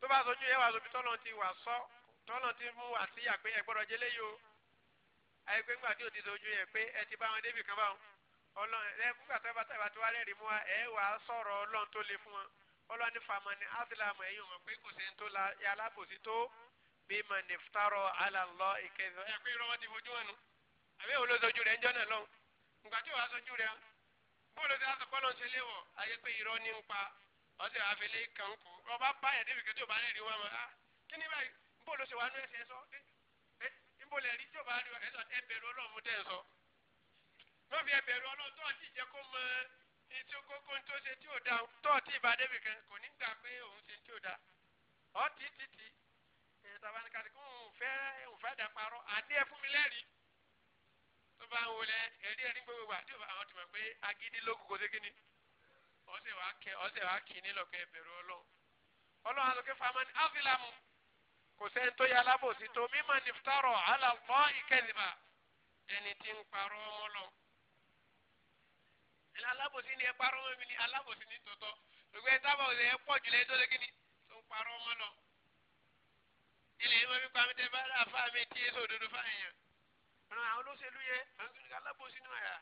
Speaker 1: tó bá sojú yẹn wà sóbi tọ́lọ́ ti wà sọ tọ́lọ́ ti mú wà àpé ẹ jẹlé yìí o àyè pé ńgbà tí ò ti sojú yẹn pé ẹ ti bá wọn débi kan báwọn ọlọ́run ẹ fúgbà tó bá tàbá tó wá rẹ́rìí mú wa ẹ wà á sọ̀rọ̀ ọlọ́run tó le fún wọn ọlọ́run ní fama ni asilamu ẹ̀yìn wọn pé kò sí ní tó la alábòsí tó bí mà ní fitarọ alàlọ́ ìkẹsàn ẹ pé irọ́ wọn ti fojú wọn nù
Speaker 2: àbí òun ló sojú rẹ̀ ń jọ́nà lọ́hùn
Speaker 1: ńgbà bóòlù tí a sọ pé lọ́n ṣe léwọ̀ ayé pé irọ́ ní ń pa ọ̀sẹ̀ àfẹlẹ́ kan kù ọba báyà débi kí tí o bá lè rí wọn mọ́ a ah, kí ni báyìí bóòlù ṣe wà nú ẹsẹ̀ sọ ẹ bóòlù ẹ̀rí tí o bá rí ẹ̀sọ̀ ẹ bẹ̀rù ọlọ́run tẹ̀ sọ. wọ́n fi ẹbẹ̀rù ọlọ́run tó ọtí jẹ́ kó mọ etí kókó tó ṣe tí ò da tó ọtí ìbá débi kan kò ní gbà pé òun ṣe tí ò da ọtí títí ẹ̀ tàbánikàtì kó òun fẹ́ òun fẹ́ dà parọ́ àní ẹ fún mi lẹ́rìí tó bá ń wọlé ẹ̀rí ẹ̀rí gbogbo wa tí àwọn ti mọ̀ pé agídí ló kókó sí kíni ọ̀sẹ̀ wàá kẹ ọ̀sẹ̀ wàá kì í nílò kẹ bẹ̀rù ọlọ́run ọlọ́run àlùkẹ́ famani afilamu kò sẹ́ni tó yà lábòsí tó mímọ́ nìfitárọ̀ alàlọ́ ìkẹ́lìmà ẹni tí ń parọ́ ọmọ lọ. ẹni alábòsí ni ẹ parọ́ ọmọ mi ni alábòsí ni tòótọ́ ògbẹ́ sábà òsè ẹ pọ̀ jùlọ ẹjọ́ lẹ́gìnì tó ń parọ́ ọmọ lọ. ilé ìwé mi pa mi tẹ́ bá rà fáàmì tí èso òdodo fáyẹn ran àwọn olóṣèlú yẹ àwọn kìnìún alábòsí náà yà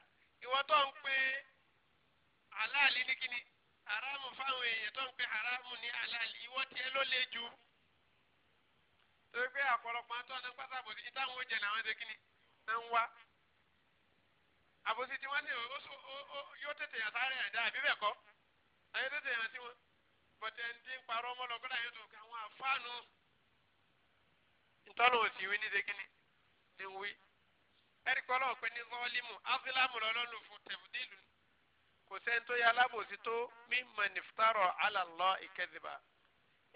Speaker 1: ìwọ tó ń pè aláàlí ní kíni haramu fáwọn èèyàn tó ń pè haramu ní aláàlí ìwọ tiẹ̀ ló le jù torí pé àpọ̀lọpọ̀ àti ọ̀nà pátákó sí táwọn oúnjẹ làwọn ṣe kíni náà ń wá àbòsí tí wọ́n ní yóò tètè yàn sáré ẹ̀dá àbí bẹ́ẹ̀ kọ́ ayé tètè yàn sí wọn bọ̀tẹ́ ń dín parọ́ ọmọ lọ tó kà wọ́n àfáànù ntọ́nà òsì wí ní ṣe kíni ní wí. ẹ̀rí pé pé ní zọ́ọ́límù áfílámù lọ́lọ́run fún tẹ̀fùdílù kò sẹ́ni tó yẹ alábòsí tó mímọ̀ nìfutárọ̀ alàlọ́ ìkẹ́dìbà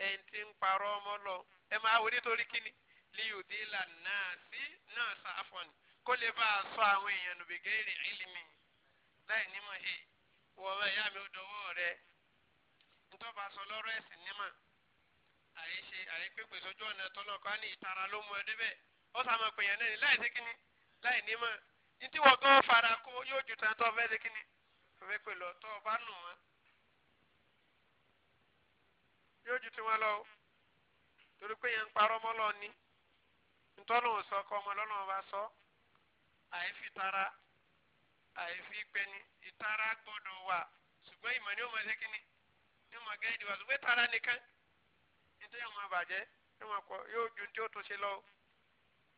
Speaker 1: ẹ̀ ń ń parọ́ ọmọ lọ ẹ máa wò nítorí kíni liyudila náà sí náà
Speaker 2: kó lè bá a sọ àwọn
Speaker 1: èèyàn láì nímọ̀ ẹ̀ wọ́n mi ò dọwọ́ ntọ́ba sọ ẹ̀sìn nímọ̀ àyè ṣe àyè pépè sójú ọ̀nà tọ́lọ́kọ́ á ní ìtara ló mú ẹ láì ní mọ̀ ní tí wọ́n gan fara kó yóò ju tán tó fẹ́ ṣe kí ni fẹ́ pè lọ tó bá nù wọ́n yóò ju tiwọn lọ o torí pé yẹn ń parọ́ mọ́ lọ ni ntọ́nù sọ kọ́ ọmọ lọ́nà bá sọ àìfi tara àìfi pẹni ìtara gbọ́dọ̀ wà ṣùgbọ́n ìmọ̀ ni ó mọ̀ ṣe kí ni ó mọ̀ gẹ́gẹ́ ìdìbò ṣùgbọ́n ìtara nìkan nítorí àwọn àbàjẹ́ yóò ju tí ó tún ṣe lọ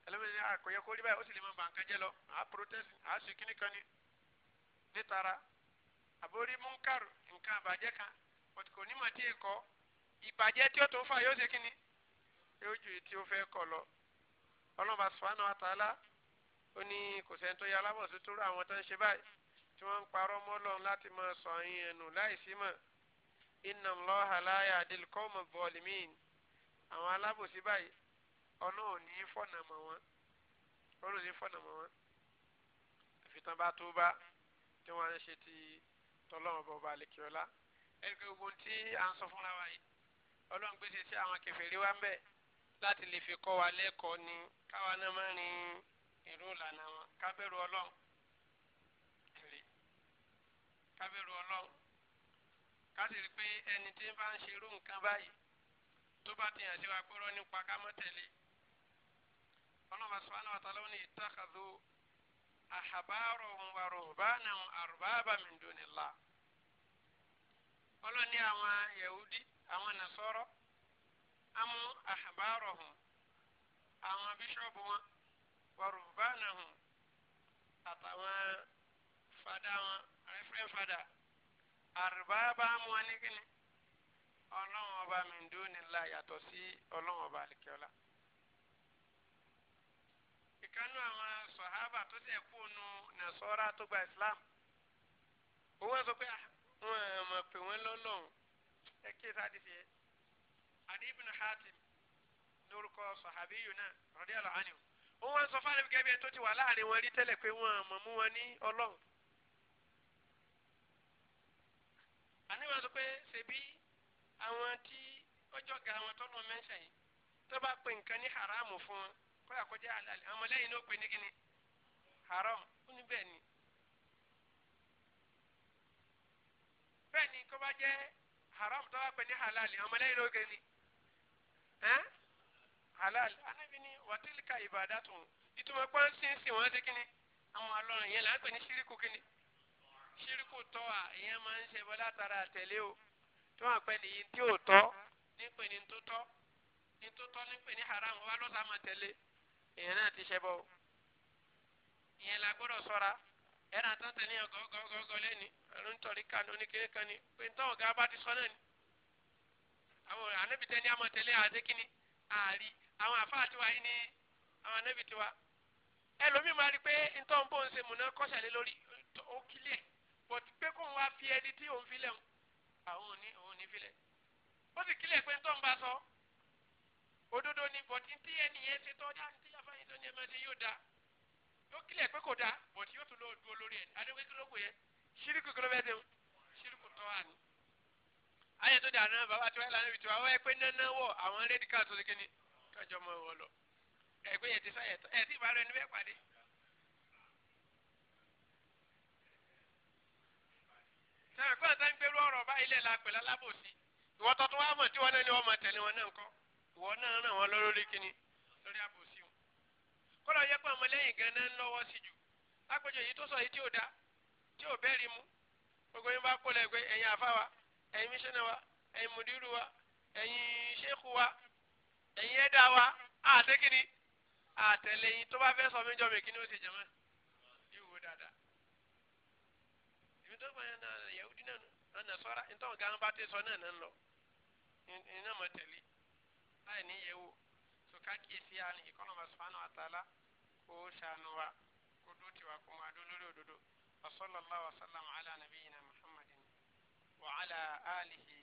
Speaker 1: ẹlẹ́mìí náà kò yẹ kó rí báyìí ó sì lè máa bà nǹkan jẹ́ lọ à á protest à á ṣe kíní kan ní nítara àbórí múnkàrù nǹkan àbàjẹ́ kan kò ní mà díẹ̀ kọ́ ìbàjẹ́ tí o tó fà yóò ṣe kíní yóò ju tí ó fẹ́ kọ́ lọ ọlọ́ba sùpánù àtàlà ó ní kò sẹ́ni tó yẹ alábọ̀sí tó rà àwọn tó ń ṣe báyìí tí wọ́n ń parọ́ mọ́ lọ́n láti máa sọ àyìn ẹnu láìsí mọ̀ inna Allaha la yahdil qawma zalimin àwọn alábòsí báyìí ọlọ́run ní fọ̀nà mọ̀ wọn ọlọ́run ní fọ̀nà mọ̀ wọn àfitán bá tó bá tí wọ́n á ṣe ti tọ́lọ́run bọ̀ balẹ̀ kí ọlá ẹni pé ogun tí à ń sọ fúnra wa yìí ọlọ́run gbèsè sí àwọn kèfèrí wa ń bẹ láti lè fi kọ́ wa lẹ́kọ̀ọ́ ni káwa náà máa rin ìró ìlànà wọn kábẹ́rù ọlọ́run kábẹ́rù ọlọ́run ká rí i pé ẹni tí ń bá ń ṣerú nǹkan báyìí tó bá ti hàn sí wa pé nípa ká mọ́ tẹ̀lé ọlọ́mọ sọ́wọ́n náà tọ́lọ́ ní ìtàkàdó àhàbárò wa rògbánà àrùbábà min dunillah ọlọ́ni àwọn yahudi
Speaker 2: àwọn nasọ́rọ́
Speaker 1: amú àhàbárò hùn àwọn bíṣọ́ọ̀bù wọn wa rògbánà hùn àtàwọn fada wọn rẹ́fẹ́rẹ́ fada àrùbábà mú wọn ní kíni ọlọ́wọ́n ọba min dunillah yàtọ̀ sí ọlọ́wọ́n ọba àlìkẹ́ọ́lá ẹnìkan nú àwọn sọ̀hábà tó tẹ̀ kú nu nàṣọ́ra tó gba islam òun sọ pé ah, wọn mọ̀ pé wọ́n lọ́lọ́run ẹ kí ẹ sáà dìde Adi ibn Hatim lórúkọ sọ̀hábí yìí náà radiyallahu anhu òun wọn sọ fáwọn gẹ́gẹ́ bí ẹ tó ti wà láàrin wọn rí tẹ́lẹ̀ pé wọn mọ̀ mú wọn ní ọlọ́run. àníwọ̀n sọ pé ṣèbí àwọn tí ọjọ́ ga àwọn tó mẹ́ṣẹ̀ yìí tó bá pè nǹkan ní haramu fún wọn kọ́lá kọjá àlàlẹ́ àwọn ọmọlẹ́yìn náà pè ní haram ó ní bẹ́ẹ̀ ni. bẹ́ẹ̀ ni kọ́ bá haram tó bá ní halal àwọn ọmọlẹ́yìn náà pè ní halal anábì ní wàtílíkà ìbàdà tó ìtumọ̀ pé ń sin sin wọn ṣe kíni àwọn alọ́run yẹn là ń pè ní ṣíríkù kíni ṣíríkù tọ́ à ìyẹn máa ń ṣe bọ́ látara àtẹ̀lé o tó wà pẹ́ nìyí tí ò tọ́ ní ní tó tọ́ ní tó tọ́ ní ní haram wa lọ́sàá máa tẹ̀lé. èèyàn náà ti ṣẹbọ ìyẹn la gbọ́dọ̀ ṣọ́ra ẹnà àtàntà ní ọgọgọgọgọ lẹni kan oníkéré kan ni pé ntọ́ ọ̀gá bá ti sọ náà ni àwọn anábìtẹ́ ní amọ̀tẹ́lẹ́ àdékíní àárí àwọn àfáà tiwa yìí àwọn anábì tiwa ẹlòmíì máa rí i pé ntọ́ ń bọ̀ ń múná lórí ó kílẹ̀ pé ń wá fi ẹni tí òun fi ó sì kílẹ̀ pé tẹ́ máa ṣe yóò da yóò kílẹ̀ pé kò da bọ̀ tí yóò tún lọ dúró lórí ẹ̀ adéwé kí ló kù yẹ ṣírìkù kí ló bẹ́ẹ̀ dẹ́hùn ṣírìkù tọ́ wà ní. ayé tó dà náà bàbá tí wọ́n lànà ìtura wọ́n ẹ pé nánà wọ̀ àwọn rédí káà tó ti kíni kájọ mọ wọn lọ ẹ pé ẹ ti sáyẹ ẹ ti bá lọ ẹni bẹ́ẹ̀ pàdé. sẹ́wọ̀n kí wọ́n sá ń gbèrú ọ̀rọ̀ báyìí lẹ̀ la pẹ̀lú alábòsí ìwọ́n tọ́tún wá mọ̀ tí wọ́n náà ni wọ́n mọ̀ tẹ̀lé wọn náà ń kọ́ ìwọ́n náà ràn wọ́n lórí kíni lórí àbò kọ́lọ̀ yẹ pé ọmọlẹ́yìn gan-an sí jù lápẹjọ èyí tó sọ yìí tí ò dá tí ò bẹ́ẹ̀ rí mu gbogbo yín bá kó lẹ gbé ẹ̀yin wa ẹ̀yin mísínà wa ẹ̀yin mùdírù wa ẹ̀yin ṣéèkù wa ẹ̀yin ẹ̀dá wa àtẹ́kìnní àtẹ̀lẹ́yìn tó bá fẹ́ sọ mí jọ mi kí ni ó ti jẹ́ mọ́ yíwo dáadáa èmi tó gbọ́n náà yahudi náà ọ̀nà sọ́ra nítorí gánbà tẹ́ sọ náà náà lọ iná mọ̀ tẹ̀lé láì ní yẹ wo ká kíyèsí àní ìkọ́nà subhanahu wa ta'ala kó ṣàánú wa kó dó tiwa kó máa dó lórí wa sallallahu wa sallam ala nabiyyina muhammadin wa ala alihi.